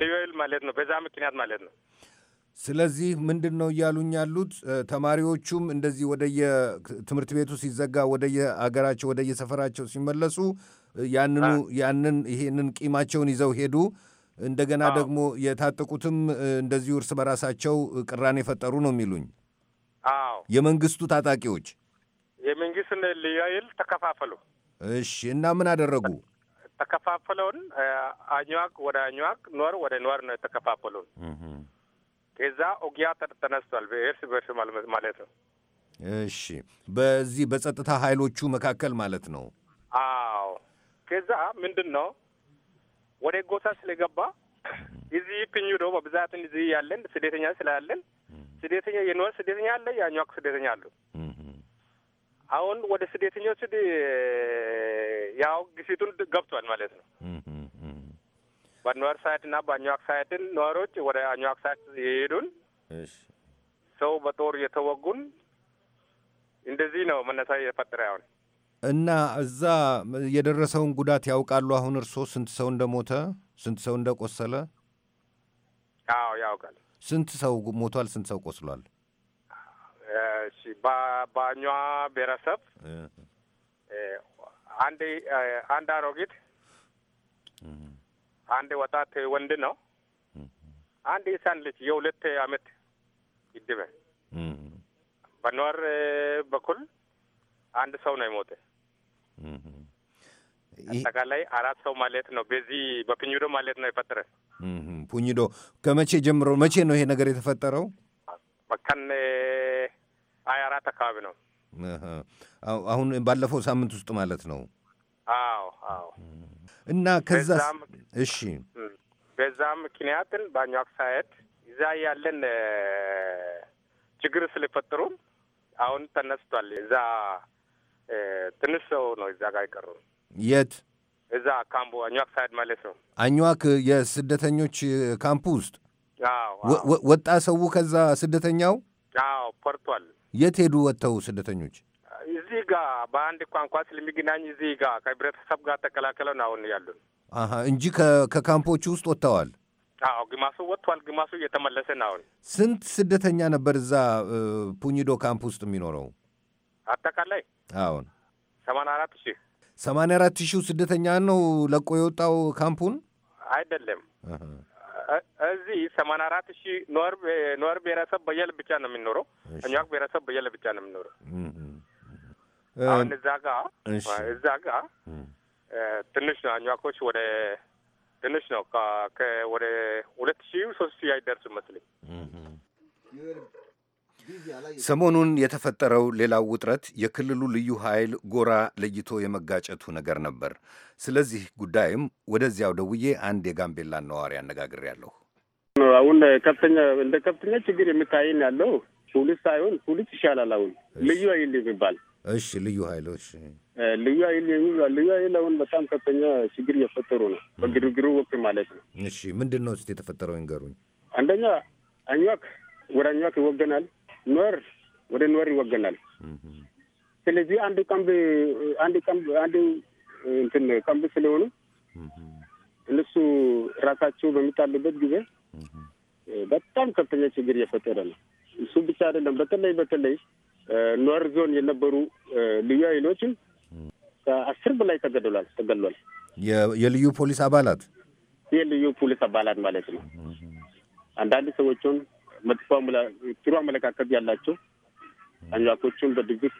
ልዩ ኃይል ማለት ነው። በዛ ምክንያት ማለት ነው ስለዚህ ምንድን ነው እያሉኝ ያሉት ተማሪዎቹም እንደዚህ ወደየ ትምህርት ቤቱ ሲዘጋ ወደየ አገራቸው ወደየ ሰፈራቸው ሲመለሱ ያንኑ ያንን ይሄንን ቂማቸውን ይዘው ሄዱ። እንደገና ደግሞ የታጠቁትም እንደዚሁ እርስ በራሳቸው ቅራኔ የፈጠሩ ነው የሚሉኝ። አዎ የመንግስቱ ታጣቂዎች የመንግስት ልያይል ተከፋፈሉ። እሺ እና ምን አደረጉ? ተከፋፈለውን አኝዋክ ወደ አኝዋክ፣ ኖር ወደ ኖር ነው የተከፋፈሉን ከዛ ውጊያ ተነስቷል፣ እርስ በርስ ማለት ነው። እሺ፣ በዚህ በጸጥታ ኃይሎቹ መካከል ማለት ነው። አዎ። ከዛ ምንድን ነው ወደ ጎሳ ስለገባ እዚህ ክንዩ ዶ በብዛትን እዚህ ያለን ስደተኛ ስላለን ስደተኛ የኖር ስደተኛ አለ፣ ያኛው ስደተኛ አሉ። አሁን ወደ ስደተኞች ያው ግፊቱን ገብቷል ማለት ነው። በኖር ሳይድ እና በአኟዋክ ሳይድን ነዋሪዎች ወደ አኟዋክ ሳይድ የሄዱን ሰው በጦር የተወጉን እንደዚህ ነው መነሳ የፈጠረ አሁን እና እዛ የደረሰውን ጉዳት ያውቃሉ። አሁን እርስዎ ስንት ሰው እንደሞተ ስንት ሰው እንደቆሰለ? አዎ ያውቃል። ስንት ሰው ሞቷል? ስንት ሰው ቆስሏል? በአኛ ብሔረሰብ አንድ አንድ አሮጊት አንድ ወጣት ወንድ ነው፣ አንድ ህፃን ልጅ የሁለት አመት ይድበ በኗር በኩል አንድ ሰው ነው የሞተ። አጠቃላይ አራት ሰው ማለት ነው። በዚህ በፕኝዶ ማለት ነው የፈጠረ ፑኝዶ። ከመቼ ጀምሮ መቼ ነው ይሄ ነገር የተፈጠረው? በቀን ሀያ አራት አካባቢ ነው። አሁን ባለፈው ሳምንት ውስጥ ማለት ነው። አዎ አዎ እና ከዛ እሺ በዛ ምክንያትን ባኛ አክሳየት እዛ ያለን ችግር ስለፈጠሩ አሁን ተነስቷል። እዛ ትንሽ ሰው ነው እዛ ጋር ይቀሩ። የት እዛ ካምፑ አኟክ ሳይድ ማለት ነው። አኟክ የስደተኞች ካምፕ ውስጥ ወጣ ሰው ከዛ ስደተኛው። ፈርቷል። የት ሄዱ ወጥተው ስደተኞች? እዚህ ጋር በአንድ ቋንቋ ስለሚገናኝ እዚህ ጋር ከህብረተሰብ ጋር ተቀላቀለ አሁን ያሉን እንጂ ከካምፖቹ ውስጥ ወጥተዋል። አዎ ግማሱ ወጥቷል፣ ግማሱ እየተመለሰ ነው አሁን። ስንት ስደተኛ ነበር እዛ ፑኝዶ ካምፕ ውስጥ የሚኖረው? አጠቃላይ አሁን ሰማንያ አራት ሺህ ሰማንያ አራት ሺህ ስደተኛ ነው ለቆ የወጣው ካምፑን አይደለም እዚህ ሰማንያ አራት ሺህ ኖር ብሔረሰብ በየል ብቻ ነው የሚኖረው። እኛ ብሔረሰብ በየል ብቻ ነው የሚኖረው። አሁን እዛ ጋ እዛ ጋ ትንሽ ነው አኟኮች ወደ ትንሽ ነው ወደ ሁለት ሺ ሶስት ሺ አይደርስ መስለኝ። ሰሞኑን የተፈጠረው ሌላው ውጥረት የክልሉ ልዩ ኃይል ጎራ ለይቶ የመጋጨቱ ነገር ነበር። ስለዚህ ጉዳይም ወደዚያው ደውዬ አንድ የጋምቤላ ነዋሪ አነጋግሬያለሁ። አሁን ከፍተኛ እንደ ከፍተኛ ችግር የምታይን ያለው ፖሊስ ሳይሆን ፖሊስ ይሻላል። አሁን ልዩ ኃይል የሚባል እሺ፣ ልዩ ኃይሎች ልዩ ኃይል ልዩ ኃይል አሁን በጣም ከፍተኛ ችግር እየፈጠሩ ነው፣ በግርግሩ ወቅት ማለት ነው። እሺ፣ ምንድን ነው ስ የተፈጠረው ይንገሩኝ። አንደኛ አኟክ ወደ አኟክ ይወገናል፣ ኖር ወደ ኖር ይወገናል። ስለዚህ አንድ ቀንብ አንድ ቀንብ አንድ እንትን ቀንብ ስለሆኑ እነሱ ራሳቸው በሚጣሉበት ጊዜ በጣም ከፍተኛ ችግር እየፈጠረ ነው። እሱ ብቻ አይደለም፣ በተለይ በተለይ ኖር ዞን የነበሩ ልዩ ኃይሎችን ከአስር በላይ ተገድሏል ተገድሏል። የልዩ ፖሊስ አባላት የልዩ ፖሊስ አባላት ማለት ነው። አንዳንድ ሰዎችን መጥፎ ጥሩ አመለካከት ያላቸው አኛኮቹን በድግግ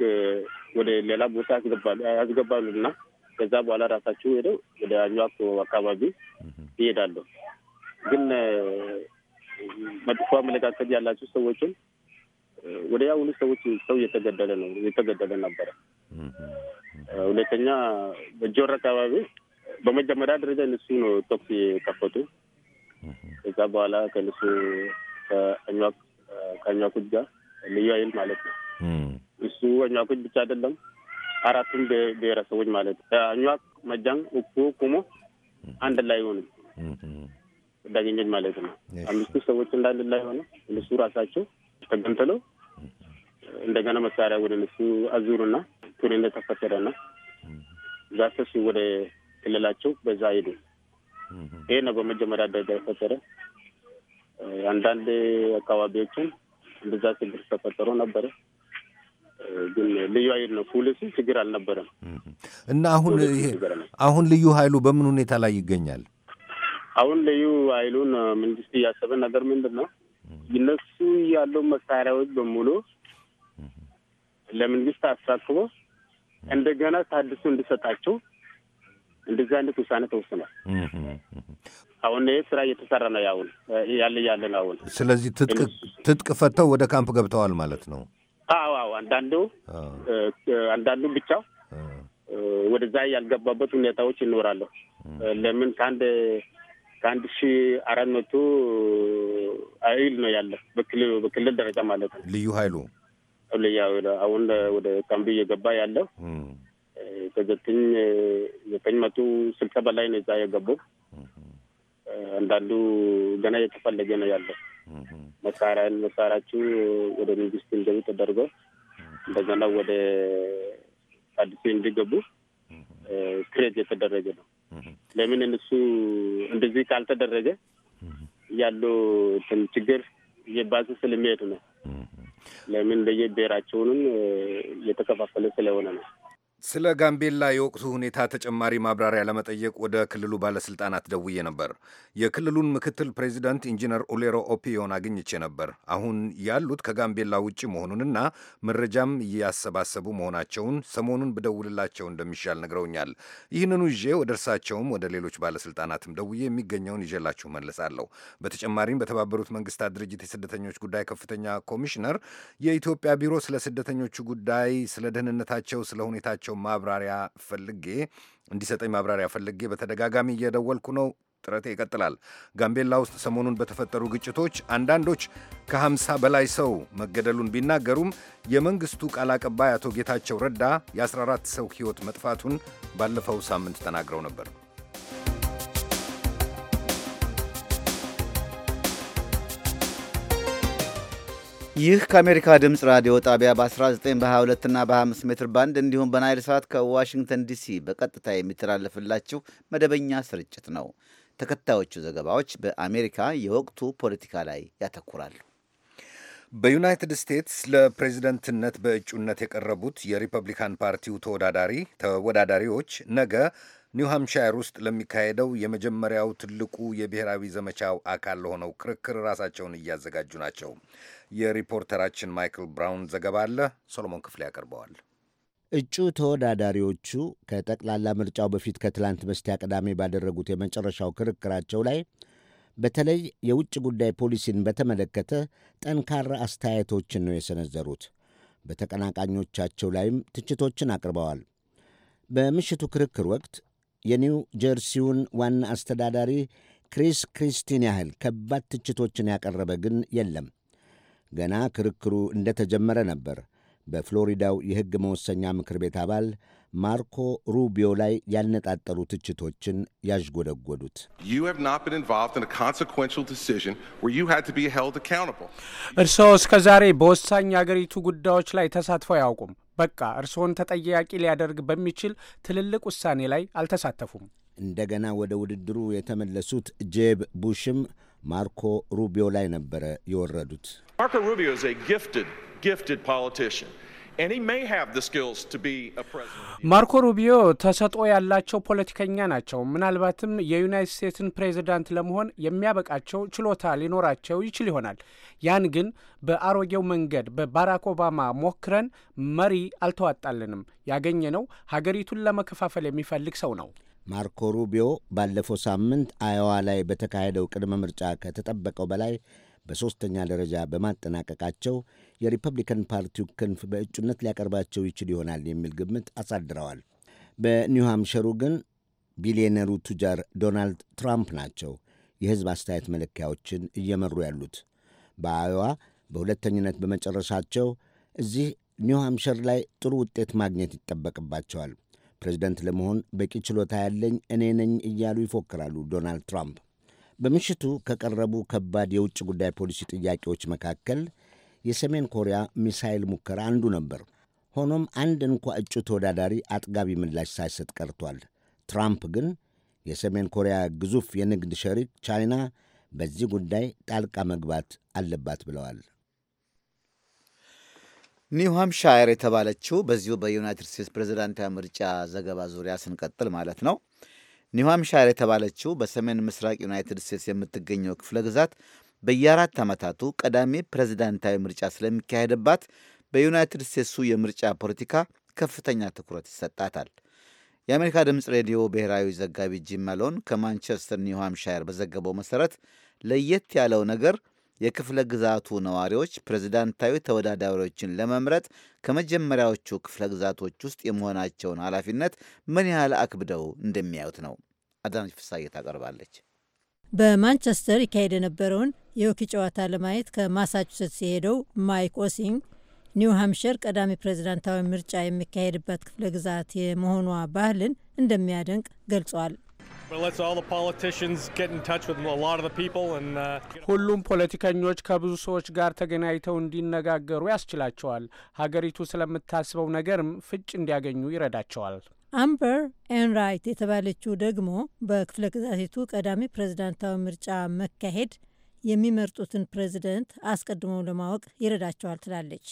ወደ ሌላ ቦታ ያስገባሉ እና ከዛ በኋላ ራሳቸው ሄደው ወደ አኛኮ አካባቢ ይሄዳሉ። ግን መጥፎ አመለካከት ያላቸው ሰዎችን ወዲያውኑ ሰዎች ሰው እየተገደለ ነው እየተገደለ ነበረ። ሁለተኛ በጆር አካባቢ በመጀመሪያ ደረጃ እነሱ ነው ተኩስ የከፈቱ። ከዛ በኋላ ከእነሱ ከአኟኩት ጋር ልዩ ኃይል ማለት ነው እሱ አኟኩት ብቻ አይደለም አራቱም ብሔረሰቦች ማለት ነው አኟክ፣ መጃን፣ እኩ፣ ቁሞ አንድ ላይ ሆኑ እንዳገኘን ማለት ነው። አምስቱ ሰዎች እንዳንድ ላይ ሆነ እነሱ ራሳቸው ተገንጥለው እንደገና መሳሪያ ወደ እነሱ አዙሩና ቱሬ እንደተፈሰደና ዛሰሱ ወደ ክልላቸው በዛ ሄዱ። ይሄ ነው በመጀመሪያ ደረጃ የፈጠረ። አንዳንድ አካባቢዎችን እንደዛ ችግር ተፈጠሮ ነበረ። ግን ልዩ ኃይል ነው ፖሊሲ ችግር አልነበረም። እና አሁን አሁን ልዩ ኃይሉ በምን ሁኔታ ላይ ይገኛል? አሁን ልዩ ኃይሉን መንግስት እያሰበ ነገር ምንድን ነው እነሱ ያለው መሳሪያዎች በሙሉ ለመንግስት አሳስቦ እንደገና ታድሶ እንዲሰጣቸው እንደዚህ አይነት ውሳኔ ተወስኗል። አሁን ይህ ስራ እየተሰራ ነው ያሁን ያለ ያለ ነው አሁን። ስለዚህ ትጥቅ ፈተው ወደ ካምፕ ገብተዋል ማለት ነው። አዎ አዎ። አንዳንዱ አንዳንዱ ብቻው ወደዛ ያልገባበት ሁኔታዎች ይኖራሉ። ለምን ከአንድ ከአንድ ሺ አራት መቶ አይል ነው ያለ በክልል ደረጃ ማለት ነው። ልዩ ኃይሉ አሁን ወደ ካምቢ እየገባ ያለው ከዘጠኝ ዘጠኝ መቶ ስልሳ በላይ ነው እዛ የገባው። አንዳንዱ ገና እየተፈለገ ነው ያለው መሳሪያን መሳሪያችሁ ወደ መንግስት እንዲገቡ ተደርገው እንደገና ወደ አዲስ እንዲገቡ ክሬት የተደረገ ነው። ለምን እነሱ እንደዚህ ካልተደረገ ያለው ችግር እየባሰ ስለሚሄድ ነው። ለምን በየብሔራቸውንም የተከፋፈለ ስለሆነ ነው። ስለ ጋምቤላ የወቅቱ ሁኔታ ተጨማሪ ማብራሪያ ለመጠየቅ ወደ ክልሉ ባለስልጣናት ደውዬ ነበር። የክልሉን ምክትል ፕሬዚደንት ኢንጂነር ኦሌሮ ኦፒዮን አግኝቼ ነበር። አሁን ያሉት ከጋምቤላ ውጭ መሆኑንና መረጃም እያሰባሰቡ መሆናቸውን ሰሞኑን ብደውልላቸው እንደሚሻል ነግረውኛል። ይህንኑ ይዤ ወደ እርሳቸውም ወደ ሌሎች ባለሥልጣናትም ደውዬ የሚገኘውን ይዤላችሁ መለሳለሁ። በተጨማሪም በተባበሩት መንግስታት ድርጅት የስደተኞች ጉዳይ ከፍተኛ ኮሚሽነር የኢትዮጵያ ቢሮ ስለ ስደተኞቹ ጉዳይ፣ ስለ ደህንነታቸው፣ ስለ ሁኔታቸው እንዲሰጣቸው ማብራሪያ ፈልጌ እንዲሰጠኝ ማብራሪያ ፈልጌ በተደጋጋሚ እየደወልኩ ነው። ጥረቴ ይቀጥላል። ጋምቤላ ውስጥ ሰሞኑን በተፈጠሩ ግጭቶች አንዳንዶች ከሀምሳ በላይ ሰው መገደሉን ቢናገሩም የመንግስቱ ቃል አቀባይ አቶ ጌታቸው ረዳ የ14 ሰው ሕይወት መጥፋቱን ባለፈው ሳምንት ተናግረው ነበር። ይህ ከአሜሪካ ድምፅ ራዲዮ ጣቢያ በ19 በ22 እና በ25 ሜትር ባንድ እንዲሁም በናይል ሰዓት ከዋሽንግተን ዲሲ በቀጥታ የሚተላለፍላችሁ መደበኛ ስርጭት ነው። ተከታዮቹ ዘገባዎች በአሜሪካ የወቅቱ ፖለቲካ ላይ ያተኩራሉ። በዩናይትድ ስቴትስ ለፕሬዚደንትነት በእጩነት የቀረቡት የሪፐብሊካን ፓርቲው ተወዳዳሪ ተወዳዳሪዎች ነገ ኒው ሃምፕሻየር ውስጥ ለሚካሄደው የመጀመሪያው ትልቁ የብሔራዊ ዘመቻው አካል ለሆነው ክርክር ራሳቸውን እያዘጋጁ ናቸው። የሪፖርተራችን ማይክል ብራውን ዘገባ አለ። ሶሎሞን ክፍሌ ያቀርበዋል። እጩ ተወዳዳሪዎቹ ከጠቅላላ ምርጫው በፊት ከትላንት በስቲያ ቅዳሜ ባደረጉት የመጨረሻው ክርክራቸው ላይ በተለይ የውጭ ጉዳይ ፖሊሲን በተመለከተ ጠንካራ አስተያየቶችን ነው የሰነዘሩት። በተቀናቃኞቻቸው ላይም ትችቶችን አቅርበዋል። በምሽቱ ክርክር ወቅት የኒው ጀርሲውን ዋና አስተዳዳሪ ክሪስ ክሪስቲን ያህል ከባድ ትችቶችን ያቀረበ ግን የለም። ገና ክርክሩ እንደተጀመረ ነበር በፍሎሪዳው የሕግ መወሰኛ ምክር ቤት አባል ማርኮ ሩቢዮ ላይ ያነጣጠሩ ትችቶችን ያዥጎደጎዱት። እርስዎ እስከ ዛሬ በወሳኝ አገሪቱ ጉዳዮች ላይ ተሳትፈው አያውቁም። በቃ እርስዎን ተጠያቂ ሊያደርግ በሚችል ትልልቅ ውሳኔ ላይ አልተሳተፉም። እንደገና ወደ ውድድሩ የተመለሱት ጄብ ቡሽም ማርኮ ሩቢዮ ላይ ነበረ የወረዱት። ማርኮ ሩቢዮ ማርኮ ሩቢዮ ተሰጥኦ ያላቸው ፖለቲከኛ ናቸው። ምናልባትም የዩናይት ስቴትስን ፕሬዚዳንት ለመሆን የሚያበቃቸው ችሎታ ሊኖራቸው ይችል ይሆናል። ያን ግን በአሮጌው መንገድ በባራክ ኦባማ ሞክረን መሪ አልተዋጣልንም። ያገኘነው ሀገሪቱን ለመከፋፈል የሚፈልግ ሰው ነው። ማርኮ ሩቢዮ ባለፈው ሳምንት አዮዋ ላይ በተካሄደው ቅድመ ምርጫ ከተጠበቀው በላይ በሦስተኛ ደረጃ በማጠናቀቃቸው የሪፐብሊካን ፓርቲው ክንፍ በእጩነት ሊያቀርባቸው ይችል ይሆናል የሚል ግምት አሳድረዋል። በኒው ሃምሸሩ ግን ቢሊዮነሩ ቱጃር ዶናልድ ትራምፕ ናቸው የሕዝብ አስተያየት መለኪያዎችን እየመሩ ያሉት። በአዮዋ በሁለተኝነት በመጨረሻቸው እዚህ ኒው ሃምሸር ላይ ጥሩ ውጤት ማግኘት ይጠበቅባቸዋል። ፕሬዚደንት ለመሆን በቂ ችሎታ ያለኝ እኔ ነኝ እያሉ ይፎክራሉ ዶናልድ ትራምፕ። በምሽቱ ከቀረቡ ከባድ የውጭ ጉዳይ ፖሊሲ ጥያቄዎች መካከል የሰሜን ኮሪያ ሚሳይል ሙከራ አንዱ ነበር። ሆኖም አንድ እንኳ እጩ ተወዳዳሪ አጥጋቢ ምላሽ ሳይሰጥ ቀርቷል። ትራምፕ ግን የሰሜን ኮሪያ ግዙፍ የንግድ ሸሪክ ቻይና በዚህ ጉዳይ ጣልቃ መግባት አለባት ብለዋል። ኒው ሃምፕሻየር የተባለችው በዚሁ በዩናይትድ ስቴትስ ፕሬዚዳንታዊ ምርጫ ዘገባ ዙሪያ ስንቀጥል ማለት ነው ኒውሃምሻር የተባለችው በሰሜን ምስራቅ ዩናይትድ ስቴትስ የምትገኘው ክፍለ ግዛት በየአራት ዓመታቱ ቀዳሚ ፕሬዚዳንታዊ ምርጫ ስለሚካሄድባት በዩናይትድ ስቴትሱ የምርጫ ፖለቲካ ከፍተኛ ትኩረት ይሰጣታል። የአሜሪካ ድምፅ ሬዲዮ ብሔራዊ ዘጋቢ ጂም መሎን ከማንቸስተር ኒውሃምሻየር በዘገበው መሠረት ለየት ያለው ነገር የክፍለ ግዛቱ ነዋሪዎች ፕሬዝዳንታዊ ተወዳዳሪዎችን ለመምረጥ ከመጀመሪያዎቹ ክፍለ ግዛቶች ውስጥ የመሆናቸውን ኃላፊነት ምን ያህል አክብደው እንደሚያዩት ነው። አዳነች ፍሳዬ ታቀርባለች። በማንቸስተር ይካሄድ የነበረውን የሆኪ ጨዋታ ለማየት ከማሳቹሴትስ የሄደው ማይክ ኦሲንግ ኒው ሃምሽር ቀዳሚ ፕሬዝዳንታዊ ምርጫ የሚካሄድበት ክፍለ ግዛት የመሆኗ ባህልን እንደሚያደንቅ ገልጿል። Uh, ሁሉም ፖለቲከኞች ከብዙ ሰዎች ጋር ተገናኝተው እንዲነጋገሩ ያስችላቸዋል። ሀገሪቱ ስለምታስበው ነገርም ፍንጭ እንዲያገኙ ይረዳቸዋል። አምበር ኤንራይት የተባለችው ደግሞ በክፍለ ግዛቲቱ ቀዳሚ ፕሬዝዳንታዊ ምርጫ መካሄድ የሚመርጡትን ፕሬዝደንት አስቀድመው ለማወቅ ይረዳቸዋል ትላለች።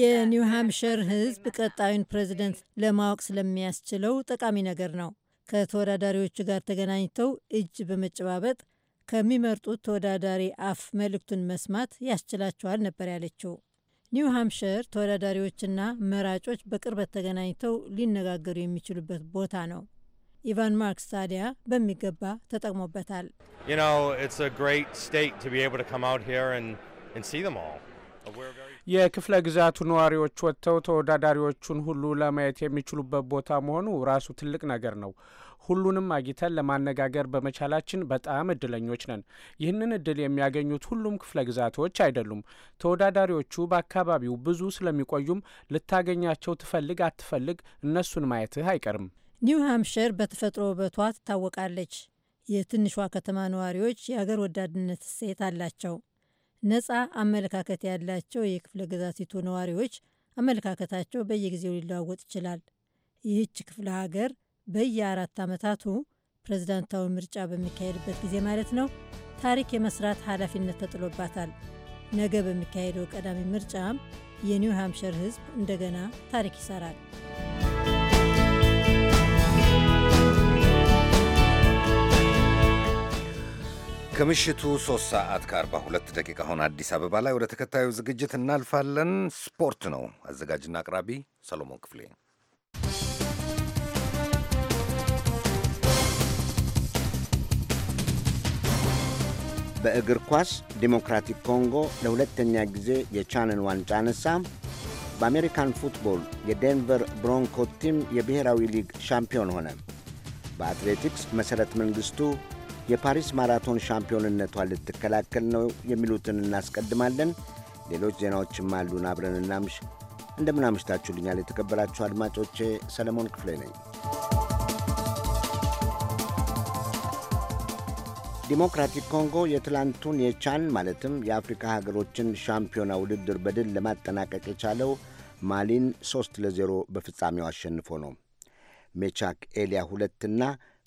የኒው ሃምፕሸር ህዝብ ቀጣዩን ፕሬዚደንት ለማወቅ ስለሚያስችለው ጠቃሚ ነገር ነው። ከተወዳዳሪዎቹ ጋር ተገናኝተው እጅ በመጨባበጥ ከሚመርጡት ተወዳዳሪ አፍ መልእክቱን መስማት ያስችላቸዋል ነበር ያለችው። ኒው ሃምፕሸር ተወዳዳሪዎችና መራጮች በቅርበት ተገናኝተው ሊነጋገሩ የሚችሉበት ቦታ ነው። ኢቫን ማርክስ ታዲያ በሚገባ ተጠቅሞበታል። የክፍለ ግዛቱ ነዋሪዎች ወጥተው ተወዳዳሪዎቹን ሁሉ ለማየት የሚችሉበት ቦታ መሆኑ ራሱ ትልቅ ነገር ነው። ሁሉንም አግኝተን ለማነጋገር በመቻላችን በጣም እድለኞች ነን። ይህንን እድል የሚያገኙት ሁሉም ክፍለ ግዛቶች አይደሉም። ተወዳዳሪዎቹ በአካባቢው ብዙ ስለሚቆዩም ልታገኛቸው ትፈልግ አትፈልግ እነሱን ማየትህ አይቀርም። ኒው ሃምፕሸር በተፈጥሮ ውበቷ ትታወቃለች። የትንሿ ከተማ ነዋሪዎች የአገር ወዳድነት እሴት አላቸው። ነፃ አመለካከት ያላቸው የክፍለ ግዛቲቱ ነዋሪዎች አመለካከታቸው በየጊዜው ሊለዋወጥ ይችላል። ይህች ክፍለ ሀገር በየአራት ዓመታቱ ፕሬዝዳንታዊ ምርጫ በሚካሄድበት ጊዜ ማለት ነው ታሪክ የመስራት ኃላፊነት ተጥሎባታል። ነገ በሚካሄደው ቀዳሚ ምርጫም የኒው ሃምፕሸር ህዝብ እንደገና ታሪክ ይሰራል። ከምሽቱ 3 ሰዓት ከ42 ደቂቃ ሆነ አዲስ አበባ ላይ። ወደ ተከታዩ ዝግጅት እናልፋለን። ስፖርት ነው። አዘጋጅና አቅራቢ ሰሎሞን ክፍሌ። በእግር ኳስ ዲሞክራቲክ ኮንጎ ለሁለተኛ ጊዜ የቻንን ዋንጫ አነሳ። በአሜሪካን ፉትቦል የዴንቨር ብሮንኮ ቲም የብሔራዊ ሊግ ሻምፒዮን ሆነ። በአትሌቲክስ መሠረት መንግሥቱ የፓሪስ ማራቶን ሻምፒዮንነቷን ልትከላከል ነው የሚሉትን እናስቀድማለን። ሌሎች ዜናዎችም አሉን። አብረን እናምሽ። እንደምን አምሽታችሁልኛል የተከበራችሁ አድማጮቼ። ሰለሞን ክፍሌ ነኝ። ዲሞክራቲክ ኮንጎ የትላንቱን የቻን ማለትም የአፍሪካ ሀገሮችን ሻምፒዮና ውድድር በድል ለማጠናቀቅ የቻለው ማሊን 3 ለ0 በፍጻሜው አሸንፎ ነው። ሜቻክ ኤሊያ ሁለትና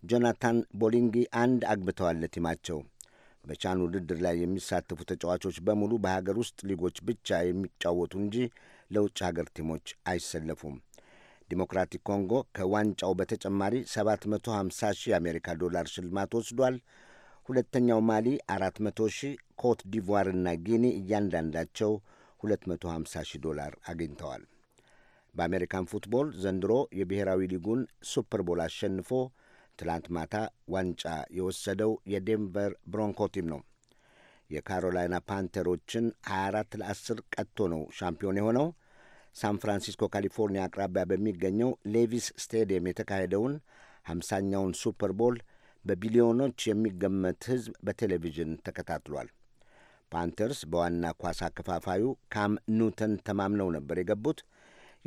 ጆናታን ቦሊንጊ አንድ አግብተዋል ለቲማቸው። በቻን ውድድር ላይ የሚሳተፉ ተጫዋቾች በሙሉ በሀገር ውስጥ ሊጎች ብቻ የሚጫወቱ እንጂ ለውጭ ሀገር ቲሞች አይሰለፉም። ዲሞክራቲክ ኮንጎ ከዋንጫው በተጨማሪ 750 ሺህ የአሜሪካ ዶላር ሽልማት ወስዷል። ሁለተኛው ማሊ 400 ሺህ፣ ኮት ዲቯር እና ጊኒ እያንዳንዳቸው 250 ሺህ ዶላር አግኝተዋል። በአሜሪካን ፉትቦል ዘንድሮ የብሔራዊ ሊጉን ሱፐርቦል አሸንፎ ትላንት ማታ ዋንጫ የወሰደው የዴንቨር ብሮንኮ ቲም ነው። የካሮላይና ፓንተሮችን 24 ለ10 ቀጥቶ ነው ሻምፒዮን የሆነው። ሳን ፍራንሲስኮ ካሊፎርኒያ አቅራቢያ በሚገኘው ሌቪስ ስቴዲየም የተካሄደውን ሀምሳኛውን ሱፐር ቦል በቢሊዮኖች የሚገመት ሕዝብ በቴሌቪዥን ተከታትሏል። ፓንተርስ በዋና ኳስ አከፋፋዩ ካም ኑተን ተማምነው ነበር የገቡት።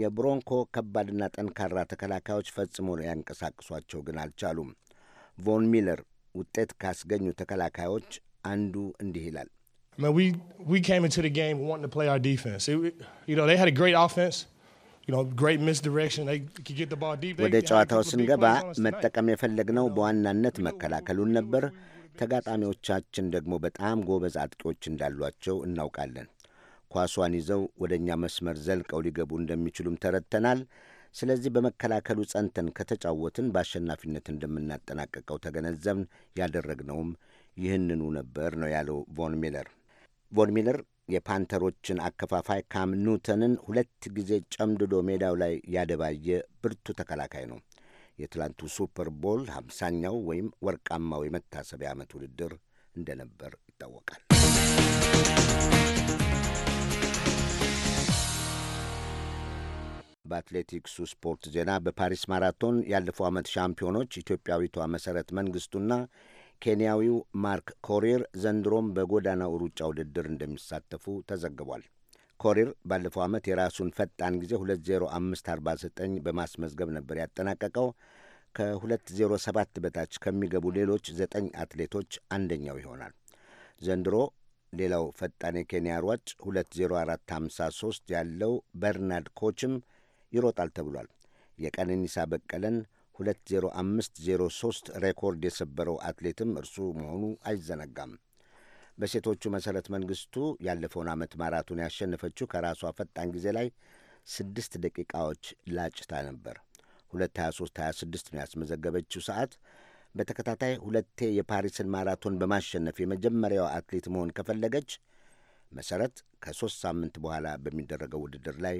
የብሮንኮ ከባድና ጠንካራ ተከላካዮች ፈጽሞ ሊያንቀሳቅሷቸው ግን አልቻሉም። ቮን ሚለር ውጤት ካስገኙ ተከላካዮች አንዱ እንዲህ ይላል። ወደ ጨዋታው ስንገባ መጠቀም የፈለግነው በዋናነት መከላከሉን ነበር። ተጋጣሚዎቻችን ደግሞ በጣም ጎበዝ አጥቂዎች እንዳሏቸው እናውቃለን። ኳሷን ይዘው ወደ እኛ መስመር ዘልቀው ሊገቡ እንደሚችሉም ተረድተናል። ስለዚህ በመከላከሉ ጸንተን ከተጫወትን በአሸናፊነት እንደምናጠናቀቀው ተገነዘብን። ያደረግነውም ይህንኑ ነበር ነው ያለው ቮን ሚለር። ቮን ሚለር የፓንተሮችን አከፋፋይ ካም ኑተንን ሁለት ጊዜ ጨምድዶ ሜዳው ላይ ያደባየ ብርቱ ተከላካይ ነው። የትላንቱ ሱፐር ቦል ሀምሳኛው ወይም ወርቃማው የመታሰቢያ ዓመት ውድድር እንደነበር ይታወቃል። በአትሌቲክሱ ስፖርት ዜና በፓሪስ ማራቶን ያለፈው ዓመት ሻምፒዮኖች ኢትዮጵያዊቷ መሠረት መንግስቱና ኬንያዊው ማርክ ኮሪር ዘንድሮም በጎዳናው ሩጫ ውድድር እንደሚሳተፉ ተዘግቧል። ኮሪር ባለፈው ዓመት የራሱን ፈጣን ጊዜ 20549 በማስመዝገብ ነበር ያጠናቀቀው። ከ207 በታች ከሚገቡ ሌሎች ዘጠኝ አትሌቶች አንደኛው ይሆናል። ዘንድሮ ሌላው ፈጣን የኬንያ ሯጭ 20453 ያለው በርናርድ ኮችም ይሮጣል ተብሏል። የቀነኒሳ በቀለን 20503 ሬኮርድ የሰበረው አትሌትም እርሱ መሆኑ አይዘነጋም። በሴቶቹ መሠረት መንግሥቱ ያለፈውን ዓመት ማራቶን ያሸነፈችው ከራሷ ፈጣን ጊዜ ላይ ስድስት ደቂቃዎች ላጭታ ነበር። 22326 ነው ያስመዘገበችው ሰዓት። በተከታታይ ሁለቴ የፓሪስን ማራቶን በማሸነፍ የመጀመሪያው አትሌት መሆን ከፈለገች መሠረት ከሦስት ሳምንት በኋላ በሚደረገው ውድድር ላይ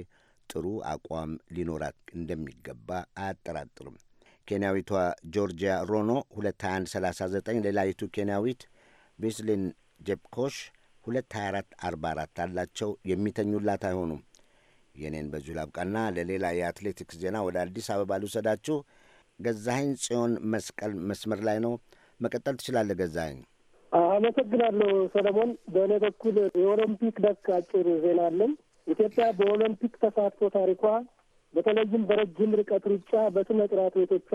ጥሩ አቋም ሊኖራት እንደሚገባ አያጠራጥርም። ኬንያዊቷ ጆርጂያ ሮኖ 22139 ሌላዪቱ ኬንያዊት ቤስሊን ጄፕኮሽ 22444 አላቸው። የሚተኙላት አይሆኑም። የኔን በዚሁ ላብቃና ለሌላ የአትሌቲክስ ዜና ወደ አዲስ አበባ ልውሰዳችሁ። ገዛኸኝ ጽዮን መስቀል መስመር ላይ ነው። መቀጠል ትችላለህ ገዛኸኝ። አመሰግናለሁ ሰለሞን። በእኔ በኩል የኦሎምፒክ ደክ አጭር ዜና አለን። ኢትዮጵያ በኦሎምፒክ ተሳትፎ ታሪኳ በተለይም በረጅም ርቀት ሩጫ በስመጥር ቤቶቿ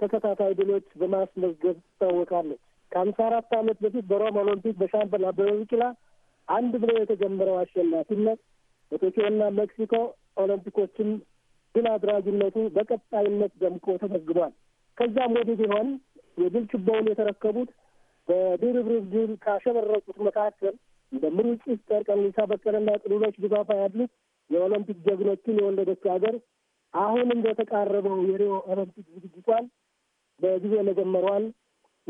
ተከታታይ ድሎች በማስመዝገብ ትታወቃለች። ከአምሳ አራት ዓመት በፊት በሮም ኦሎምፒክ በሻምበል አበበ ቢቂላ አንድ ብሎ የተጀመረው አሸናፊነት በቶኪዮና ሜክሲኮ ኦሎምፒኮችን ድል አድራጊነቱ በቀጣይነት ደምቆ ተመዝግቧል። ከዛም ወዲህ ቢሆን የድል ችቦውን የተረከቡት በድርብርብ ድል ካሸበረቁት መካከል እንደ ምሩጽ ይፍጠር፣ ቀነኒሳ በቀለና ሌሎች ድጋፋ ያሉት የኦሎምፒክ ጀግኖችን የወለደች ሀገር አሁን እንደተቃረበው የሪዮ ኦሎምፒክ ዝግጅቷን በጊዜ መጀመሯን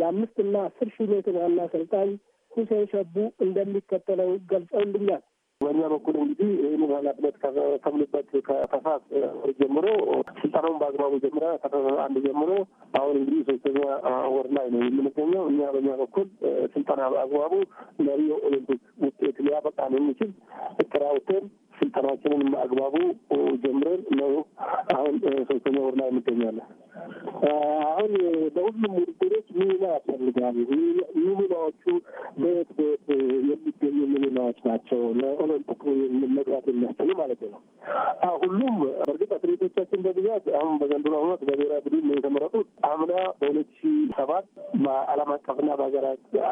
የአምስትና አስር ሺህ ሜትር ዋና አሰልጣኝ ሁሴን ሸቡ እንደሚከተለው ገልጸውልኛል። በእኛ በኩል እንግዲህ ይህንን ኃላፊነት ከተምንበት ከታህሳስ ጀምሮ ስልጠናውን በአግባቡ ጀምረ ከታህሳስ አንድ ጀምሮ አሁን እንግዲህ ሶስተኛ ወር ላይ ነው የምንገኘው። እኛ በእኛ በኩል ስልጠና በአግባቡ ለሪዮ ኦሎምፒክ ውጤት ሊያበቃ ነው የሚችል እቅድ አውጥተን ስልጠናችንን አግባቡ ጀምረን ነው አሁን ሶስተኛ ወር ላይ እንገኛለን። አሁን በሁሉም ውድድሮች ሚና ያስፈልጋል። ሚናዎቹ በየት በየት የሚገኙ ሚናዎች ናቸው? ለኦሎምፒክ መግባት የሚያስችሉ ማለት ነው። ሁሉም በእርግጥ አትሌቶቻችን በብዛት አሁን በዘንድሮ ዓመት በብሔራዊ ቡድን የተመረጡት አምና በሁለት ሺ ሰባት በዓለም አቀፍና በሀገር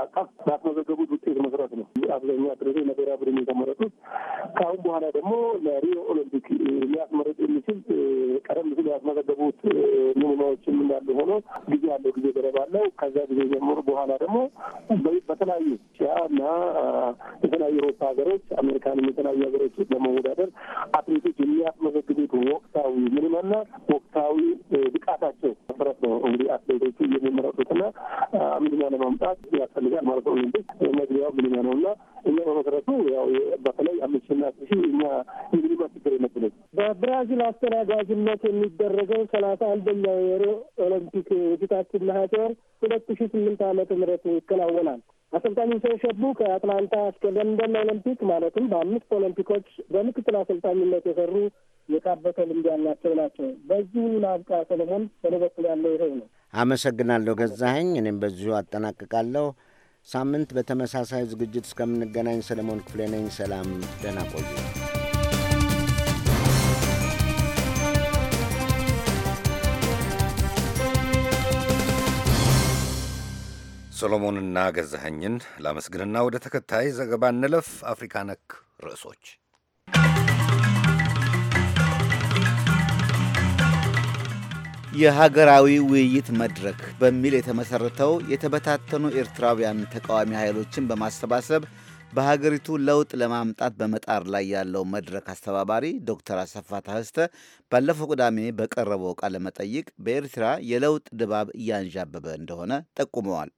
አቀፍ ባስመዘገቡት ውጤት መሰረት ነው። አብዛኛው አትሌቶች ለብሔራዊ ቡድን የተመረጡት ከአሁን በኋላ ደግሞ ለሪዮ ኦሎምፒክ ሊያስመረጥ የሚችል ቀደም ሲል ያስመዘገቡት ሚኒማዎችም እንዳሉ ሆኖ ጊዜ ያለው ጊዜ ገደብ አለው። ከዛ ጊዜ ጀምሮ በኋላ ደግሞ በተለያዩ ሻ እና የተለያዩ ሮፓ ሀገሮች አሜሪካንም የተለያዩ ሀገሮች ለመወዳደር አትሌቶች የሚያስመዘግቡት ወቅታዊ ሚኒማና ወቅታዊ ብቃታቸው መሰረት ነው እንግዲህ አትሌቶቹ የሚመረጡትና ሚኒማ ለማምጣት ያስፈልጋል ማለት ነው። ኦሎምፒክ መግቢያው ሚኒማ ነው እና እኛ በመሰረቱ ያው በተለይ አምስት ሺ እና እንግሊዝ ችግር ይመስለኝ በብራዚል አስተናጋጅነት የሚደረገው ሰላሳ አንደኛው የሮ ኦሎምፒክ የፊታችን ነሐሴ ወር ሁለት ሺ ስምንት ዓመተ ምህረት ይከናወናል። አሰልጣኝ ሰው ሸቡ ከአትላንታ እስከ ለንደን ኦሎምፒክ ማለትም በአምስት ኦሎምፒኮች በምክትል አሰልጣኝነት የሰሩ የካበተ ልምድ ያላቸው ናቸው። በዚሁ ማብቃ ሰለሞን በእኔ በኩል ያለው ይኸው ነው። አመሰግናለሁ ገዛኸኝ። እኔም በዚሁ አጠናቅቃለሁ። ሳምንት በተመሳሳይ ዝግጅት እስከምንገናኝ ሰለሞን ክፍሌ ነኝ። ሰላም፣ ደህና ቆዩ። ሰሎሞንና ገዛኸኝን ላመስግንና ወደ ተከታይ ዘገባ እንለፍ። አፍሪካ ነክ ርዕሶች የሀገራዊ ውይይት መድረክ በሚል የተመሠረተው የተበታተኑ ኤርትራውያን ተቃዋሚ ኃይሎችን በማሰባሰብ በሀገሪቱ ለውጥ ለማምጣት በመጣር ላይ ያለው መድረክ አስተባባሪ ዶክተር አሰፋ ታህስተ ባለፈው ቅዳሜ በቀረበው ቃለ መጠይቅ በኤርትራ የለውጥ ድባብ እያንዣበበ እንደሆነ ጠቁመዋል።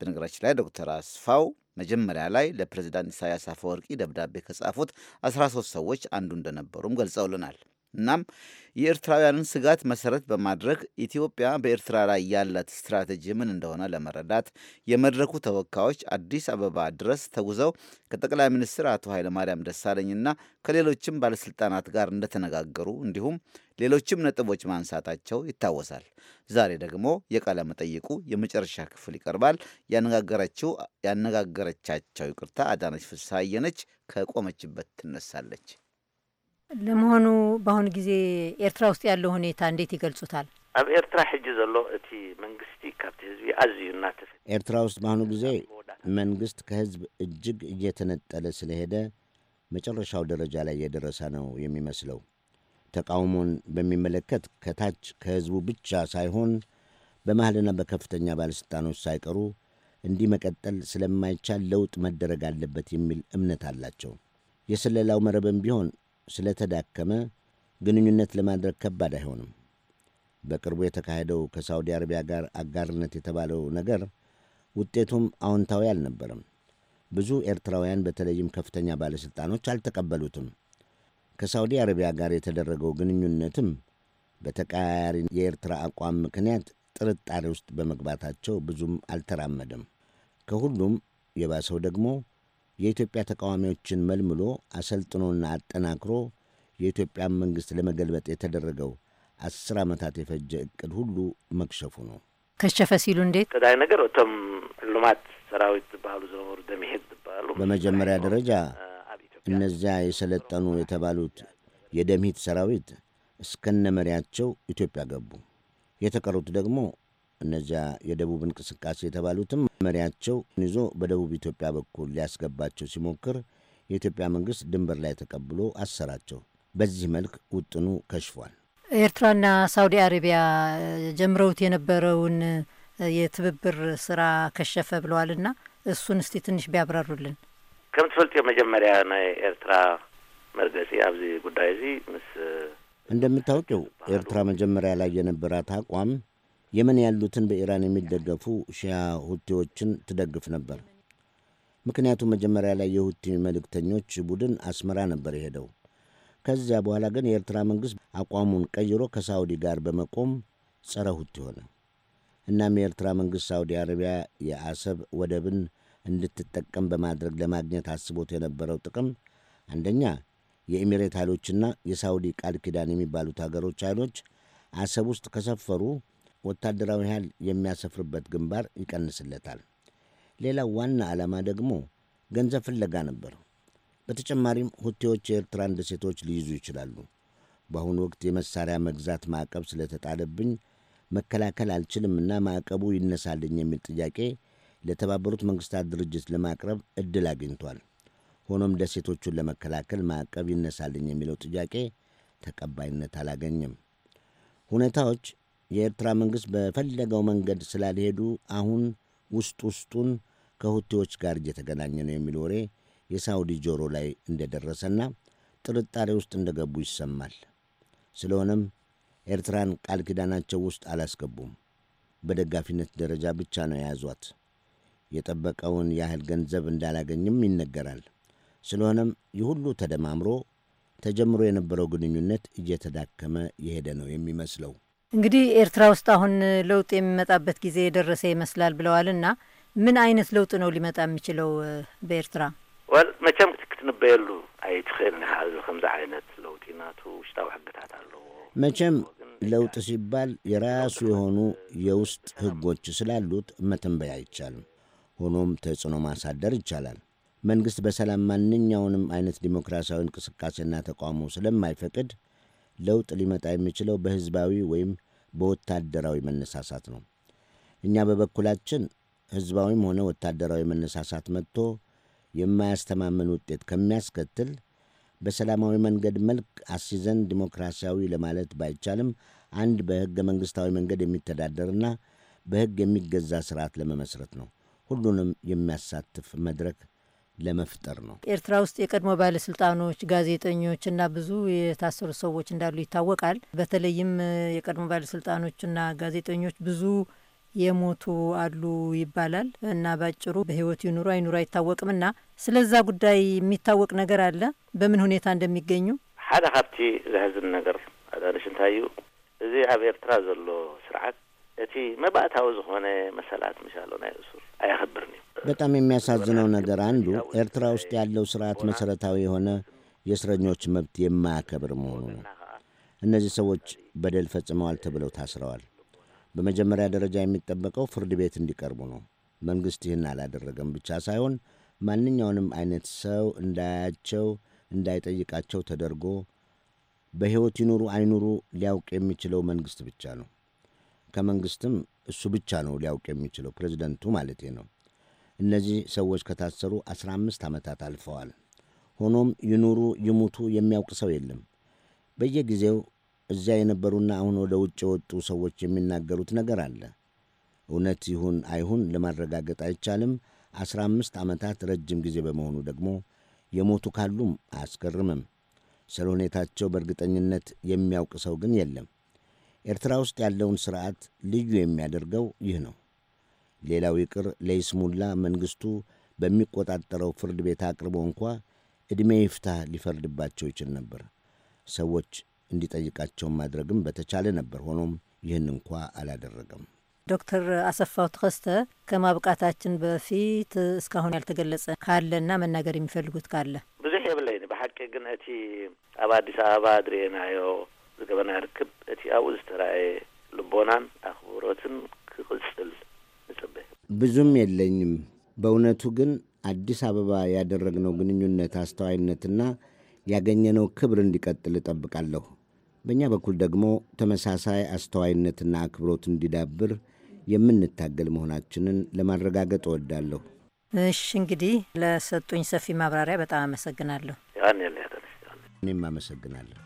በነገራችን ላይ ዶክተር አስፋው መጀመሪያ ላይ ለፕሬዚዳንት ኢሳያስ አፈወርቂ ደብዳቤ ከጻፉት 13 ሰዎች አንዱ እንደነበሩም ገልጸውልናል። እናም የኤርትራውያንን ስጋት መሰረት በማድረግ ኢትዮጵያ በኤርትራ ላይ ያላት ስትራቴጂ ምን እንደሆነ ለመረዳት የመድረኩ ተወካዮች አዲስ አበባ ድረስ ተጉዘው ከጠቅላይ ሚኒስትር አቶ ኃይለማርያም ደሳለኝና ከሌሎችም ባለስልጣናት ጋር እንደተነጋገሩ እንዲሁም ሌሎችም ነጥቦች ማንሳታቸው ይታወሳል። ዛሬ ደግሞ የቃለ መጠይቁ የመጨረሻ ክፍል ይቀርባል። ያነጋገረችው ያነጋገረቻቸው ይቅርታ አዳነች ፍስሐዬ ነች። ከቆመችበት ትነሳለች። ለመሆኑ በአሁኑ ጊዜ ኤርትራ ውስጥ ያለው ሁኔታ እንዴት ይገልጹታል? ኣብ ኤርትራ ሕጂ ዘሎ እቲ መንግስቲ ካብቲ ህዝቢ ኣዝዩ እናተፈ ኤርትራ ውስጥ በአሁኑ ጊዜ መንግስት ከህዝብ እጅግ እየተነጠለ ስለሄደ መጨረሻው ደረጃ ላይ የደረሰ ነው የሚመስለው። ተቃውሞን በሚመለከት ከታች ከህዝቡ ብቻ ሳይሆን በመሃልና በከፍተኛ ባለሥልጣኖች ሳይቀሩ እንዲህ መቀጠል ስለማይቻል ለውጥ መደረግ አለበት የሚል እምነት አላቸው። የስለላው መረብም ቢሆን ስለተዳከመ ግንኙነት ለማድረግ ከባድ አይሆንም። በቅርቡ የተካሄደው ከሳውዲ አረቢያ ጋር አጋርነት የተባለው ነገር ውጤቱም አዎንታዊ አልነበረም። ብዙ ኤርትራውያን በተለይም ከፍተኛ ባለሥልጣኖች አልተቀበሉትም። ከሳውዲ አረቢያ ጋር የተደረገው ግንኙነትም በተቀያያሪ የኤርትራ አቋም ምክንያት ጥርጣሬ ውስጥ በመግባታቸው ብዙም አልተራመደም። ከሁሉም የባሰው ደግሞ የኢትዮጵያ ተቃዋሚዎችን መልምሎ አሰልጥኖና አጠናክሮ የኢትዮጵያን መንግሥት ለመገልበጥ የተደረገው አስር ዓመታት የፈጀ እቅድ ሁሉ መክሸፉ ነው። ከሸፈ ሲሉ እንዴት ተዳይ ነገር እቶም ልማት ሰራዊት ዝበሃሉ ዝነበሩ ደሚሄድ ዝበሃሉ በመጀመሪያ ደረጃ እነዚያ የሰለጠኑ የተባሉት የደምሂት ሰራዊት እስከነ መሪያቸው ኢትዮጵያ ገቡ። የተቀሩት ደግሞ እነዚያ የደቡብ እንቅስቃሴ የተባሉትም መሪያቸው ይዞ በደቡብ ኢትዮጵያ በኩል ሊያስገባቸው ሲሞክር የኢትዮጵያ መንግስት ድንበር ላይ ተቀብሎ አሰራቸው። በዚህ መልክ ውጥኑ ከሽፏል። ኤርትራና ሳውዲ አረቢያ ጀምረውት የነበረውን የትብብር ስራ ከሸፈ ብለዋልና እሱን እስቲ ትንሽ ቢያብራሩልን። ከም ትፈልጥ የመጀመሪያ ናይ ኤርትራ መርገጺ ኣብዚ ጉዳይ እዚ ምስ እንደምታውቂው ኤርትራ መጀመሪያ ላይ የነበራት አቋም የመን ያሉትን በኢራን የሚደገፉ ሺያ ሁቲዎችን ትደግፍ ነበር። ምክንያቱም መጀመሪያ ላይ የሁቲ መልእክተኞች ቡድን አስመራ ነበር የሄደው። ከዚያ በኋላ ግን የኤርትራ መንግሥት አቋሙን ቀይሮ ከሳውዲ ጋር በመቆም ጸረ ሁቲ ሆነ። እናም የኤርትራ መንግሥት ሳውዲ አረቢያ የአሰብ ወደብን እንድትጠቀም በማድረግ ለማግኘት አስቦት የነበረው ጥቅም አንደኛ የኤሚሬት ኃይሎችና የሳውዲ ቃል ኪዳን የሚባሉት ሀገሮች ኃይሎች አሰብ ውስጥ ከሰፈሩ ወታደራዊ ኃይል የሚያሰፍርበት ግንባር ይቀንስለታል። ሌላው ዋና ዓላማ ደግሞ ገንዘብ ፍለጋ ነበር። በተጨማሪም ሁቴዎች የኤርትራን ደሴቶች ሊይዙ ይችላሉ። በአሁኑ ወቅት የመሳሪያ መግዛት ማዕቀብ ስለተጣለብኝ መከላከል አልችልምና ማዕቀቡ ይነሳልኝ የሚል ጥያቄ ለተባበሩት መንግስታት ድርጅት ለማቅረብ ዕድል አግኝቷል። ሆኖም ደሴቶቹን ለመከላከል ማዕቀብ ይነሳልኝ የሚለው ጥያቄ ተቀባይነት አላገኘም። ሁኔታዎች የኤርትራ መንግሥት በፈለገው መንገድ ስላልሄዱ አሁን ውስጥ ውስጡን ከሁቴዎች ጋር እየተገናኘ ነው የሚል ወሬ የሳውዲ ጆሮ ላይ እንደደረሰና ጥርጣሬ ውስጥ እንደገቡ ይሰማል። ስለሆነም ኤርትራን ቃል ኪዳናቸው ውስጥ አላስገቡም። በደጋፊነት ደረጃ ብቻ ነው የያዟት። የጠበቀውን ያህል ገንዘብ እንዳላገኝም ይነገራል። ስለሆነም ይህ ሁሉ ተደማምሮ ተጀምሮ የነበረው ግንኙነት እየተዳከመ የሄደ ነው የሚመስለው። እንግዲህ ኤርትራ ውስጥ አሁን ለውጥ የሚመጣበት ጊዜ የደረሰ ይመስላል ብለዋል እና ምን አይነት ለውጥ ነው ሊመጣ የሚችለው በኤርትራ? ወል መቸም ክትንበየሉ ኣይትኽእልኒ ሓዚ ከምዚ ዓይነት ለውጢ ናቱ ውሽጣዊ ሕግታት ኣለዎ። መቸም ለውጥ ሲባል የራሱ የሆኑ የውስጥ ህጎች ስላሉት መተንበይ አይቻልም። ሆኖም ተጽዕኖ ማሳደር ይቻላል። መንግሥት በሰላም ማንኛውንም አይነት ዲሞክራሲያዊ እንቅስቃሴና ተቃውሞ ስለማይፈቅድ ለውጥ ሊመጣ የሚችለው በሕዝባዊ ወይም በወታደራዊ መነሳሳት ነው። እኛ በበኩላችን ሕዝባዊም ሆነ ወታደራዊ መነሳሳት መጥቶ የማያስተማመን ውጤት ከሚያስከትል በሰላማዊ መንገድ መልክ አስይዘን ዲሞክራሲያዊ ለማለት ባይቻልም አንድ በሕገ መንግሥታዊ መንገድ የሚተዳደርና በሕግ የሚገዛ ስርዓት ለመመስረት ነው። ሁሉንም የሚያሳትፍ መድረክ ለመፍጠር ነው። ኤርትራ ውስጥ የቀድሞ ባለስልጣኖች፣ ጋዜጠኞች እና ብዙ የታሰሩ ሰዎች እንዳሉ ይታወቃል። በተለይም የቀድሞ ባለስልጣኖችና ጋዜጠኞች ብዙ የሞቱ አሉ ይባላል እና ባጭሩ በህይወት ይኑሩ አይኑሩ አይታወቅምና ስለዛ ጉዳይ የሚታወቅ ነገር አለ? በምን ሁኔታ እንደሚገኙ ሓደ ካብቲ ዘሕዝን ነገር ኣዳንሽ እንታይ እዩ እዚ ኣብ ኤርትራ ዘሎ ስርዓት እቲ መባእታዊ ዝኾነ መሰላት ምሻሎ ናይ ኣይኽብርን እዩ በጣም የሚያሳዝነው ነገር አንዱ ኤርትራ ውስጥ ያለው ስርዓት መሰረታዊ የሆነ የእስረኞች መብት የማያከብር መሆኑ ነው። እነዚህ ሰዎች በደል ፈጽመዋል ተብለው ታስረዋል። በመጀመሪያ ደረጃ የሚጠበቀው ፍርድ ቤት እንዲቀርቡ ነው። መንግሥት ይህን አላደረገም ብቻ ሳይሆን ማንኛውንም አይነት ሰው እንዳያቸው፣ እንዳይጠይቃቸው ተደርጎ በሕይወት ይኑሩ አይኑሩ ሊያውቅ የሚችለው መንግሥት ብቻ ነው። ከመንግሥትም እሱ ብቻ ነው ሊያውቅ የሚችለው ፕሬዚደንቱ ማለቴ ነው። እነዚህ ሰዎች ከታሰሩ 15 ዓመታት አልፈዋል። ሆኖም ይኑሩ ይሙቱ የሚያውቅ ሰው የለም። በየጊዜው እዚያ የነበሩና አሁን ወደ ውጭ የወጡ ሰዎች የሚናገሩት ነገር አለ። እውነት ይሁን አይሁን ለማረጋገጥ አይቻልም። 15 ዓመታት ረጅም ጊዜ በመሆኑ ደግሞ የሞቱ ካሉም አያስገርምም። ስለ ሁኔታቸው በእርግጠኝነት የሚያውቅ ሰው ግን የለም። ኤርትራ ውስጥ ያለውን ስርዓት ልዩ የሚያደርገው ይህ ነው። ሌላው ይቅር ለይስሙላ መንግሥቱ በሚቆጣጠረው ፍርድ ቤት አቅርቦ እንኳ ዕድሜ ይፍታህ ሊፈርድባቸው ይችል ነበር። ሰዎች እንዲጠይቃቸው ማድረግም በተቻለ ነበር። ሆኖም ይህን እንኳ አላደረገም። ዶክተር አሰፋው ተከስተ ከማብቃታችን በፊት እስካሁን ያልተገለጸ ካለና መናገር የሚፈልጉት ካለ ብዙሕ የብለይኒ ብሓቂ ግን እቲ ኣብ ኣዲስ ኣበባ ድርኤናዮ ዝገበና ርክብ እቲ ኣብኡ ዝተረኣየ ልቦናን ኣኽብሮትን ክቕፅል ንጽበ ብዙም የለኝም። በእውነቱ ግን አዲስ አበባ ያደረግነው ግንኙነት አስተዋይነትና ያገኘነው ክብር እንዲቀጥል እጠብቃለሁ። በእኛ በኩል ደግሞ ተመሳሳይ አስተዋይነትና አክብሮት እንዲዳብር የምንታገል መሆናችንን ለማረጋገጥ እወዳለሁ። እሽ፣ እንግዲህ ለሰጡኝ ሰፊ ማብራሪያ በጣም አመሰግናለሁ። እኔም አመሰግናለሁ።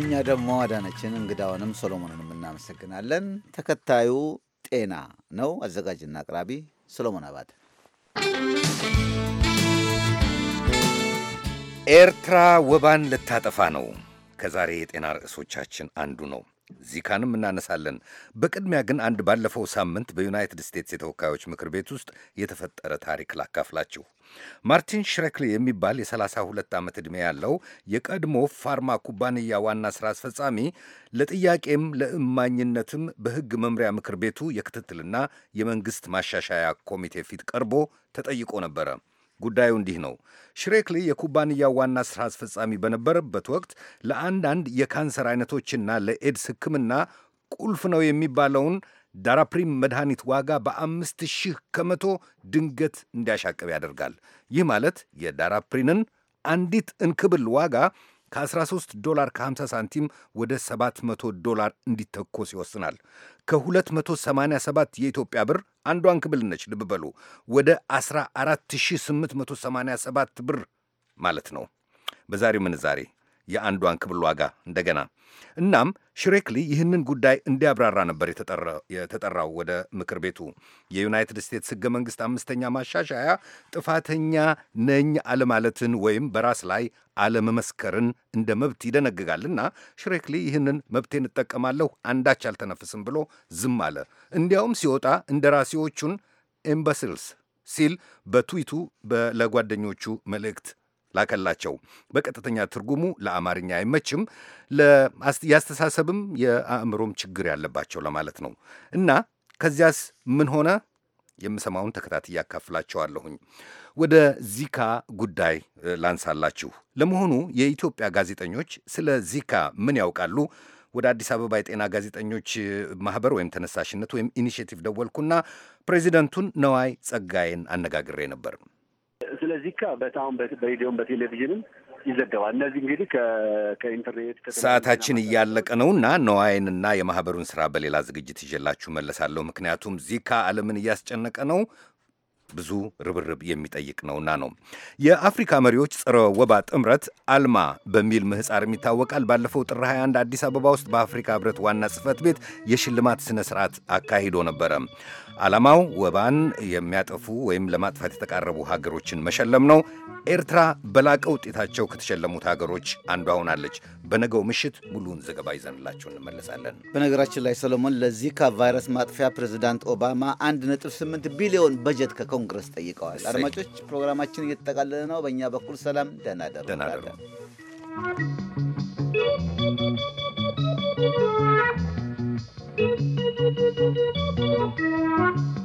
እኛ ደግሞ አዳነችን እንግዳውንም ሶሎሞንንም እናመሰግናለን። ተከታዩ ጤና ነው። አዘጋጅና አቅራቢ ሶሎሞን አባተ። ኤርትራ ወባን ልታጠፋ ነው። ከዛሬ የጤና ርዕሶቻችን አንዱ ነው። ዚካንም እናነሳለን። በቅድሚያ ግን አንድ ባለፈው ሳምንት በዩናይትድ ስቴትስ የተወካዮች ምክር ቤት ውስጥ የተፈጠረ ታሪክ ላካፍላችሁ። ማርቲን ሽሬክሊ የሚባል የ32 ዓመት ዕድሜ ያለው የቀድሞ ፋርማ ኩባንያ ዋና ሥራ አስፈጻሚ ለጥያቄም ለእማኝነትም በሕግ መምሪያ ምክር ቤቱ የክትትልና የመንግሥት ማሻሻያ ኮሚቴ ፊት ቀርቦ ተጠይቆ ነበረ። ጉዳዩ እንዲህ ነው። ሽሬክሊ የኩባንያው ዋና ሥራ አስፈጻሚ በነበረበት ወቅት ለአንዳንድ የካንሰር አይነቶችና ለኤድስ ሕክምና ቁልፍ ነው የሚባለውን ዳራፕሪም መድኃኒት ዋጋ በአምስት ሺህ ከመቶ ድንገት እንዲያሻቅብ ያደርጋል። ይህ ማለት የዳራፕሪንን አንዲት እንክብል ዋጋ ከ13 ዶላር ከ50 ሳንቲም ወደ 700 ዶላር እንዲተኮስ ይወስናል። ከ287 የኢትዮጵያ ብር አንዷ እንክብል ነች። ልብ በሉ ወደ 14887 ብር ማለት ነው በዛሬው ምንዛሬ የአንዷን ክብል ዋጋ እንደገና። እናም ሽሬክሊ ይህንን ጉዳይ እንዲያብራራ ነበር የተጠራው ወደ ምክር ቤቱ። የዩናይትድ ስቴትስ ሕገ መንግሥት አምስተኛ ማሻሻያ ጥፋተኛ ነኝ አለማለትን ወይም በራስ ላይ አለመመስከርን እንደ መብት ይደነግጋልና ሽሬክሊ ይህንን መብቴን እጠቀማለሁ፣ አንዳች አልተነፍስም ብሎ ዝም አለ። እንዲያውም ሲወጣ እንደራሴዎቹን ኤምባሲልስ ሲል በትዊቱ ለጓደኞቹ መልእክት ላከላቸው። በቀጥተኛ ትርጉሙ ለአማርኛ አይመችም፣ የአስተሳሰብም የአእምሮም ችግር ያለባቸው ለማለት ነው። እና ከዚያስ ምን ሆነ? የምሰማውን ተከታትዬ ያካፍላቸዋለሁኝ። ወደ ዚካ ጉዳይ ላንሳላችሁ። ለመሆኑ የኢትዮጵያ ጋዜጠኞች ስለ ዚካ ምን ያውቃሉ? ወደ አዲስ አበባ የጤና ጋዜጠኞች ማህበር ወይም ተነሳሽነት ወይም ኢኒሽቲቭ ደወልኩና ፕሬዚደንቱን ነዋይ ጸጋዬን አነጋግሬ ነበር። ስለዚህ ካ በጣም በሬዲዮም በቴሌቪዥንም ይዘገባል። እነዚህ እንግዲህ ከኢንተርኔት ሰዓታችን እያለቀ ነውና ነዋይንና የማህበሩን ስራ በሌላ ዝግጅት ይዤላችሁ መለሳለሁ። ምክንያቱም ዚካ ዓለምን እያስጨነቀ ነው ብዙ ርብርብ የሚጠይቅ ነውና ነው። የአፍሪካ መሪዎች ጸረ ወባ ጥምረት አልማ በሚል ምህፃርም ይታወቃል። ባለፈው ጥር 21 አዲስ አበባ ውስጥ በአፍሪካ ህብረት ዋና ጽህፈት ቤት የሽልማት ስነ ስርዓት አካሂዶ ነበረ። ዓላማው ወባን የሚያጠፉ ወይም ለማጥፋት የተቃረቡ ሀገሮችን መሸለም ነው። ኤርትራ በላቀ ውጤታቸው ከተሸለሙት ሀገሮች አንዷ ሆናለች። በነገው ምሽት ሙሉውን ዘገባ ይዘንላችሁ እንመለሳለን። በነገራችን ላይ ሰሎሞን፣ ለዚካ ቫይረስ ማጥፊያ ፕሬዚዳንት ኦባማ 1.8 ቢሊዮን በጀት ከኮንግረስ ጠይቀዋል። አድማጮች፣ ፕሮግራማችን እየተጠቃለለ ነው። በእኛ በኩል ሰላም፣ ደህና ደሩ። Thank you. Thank you.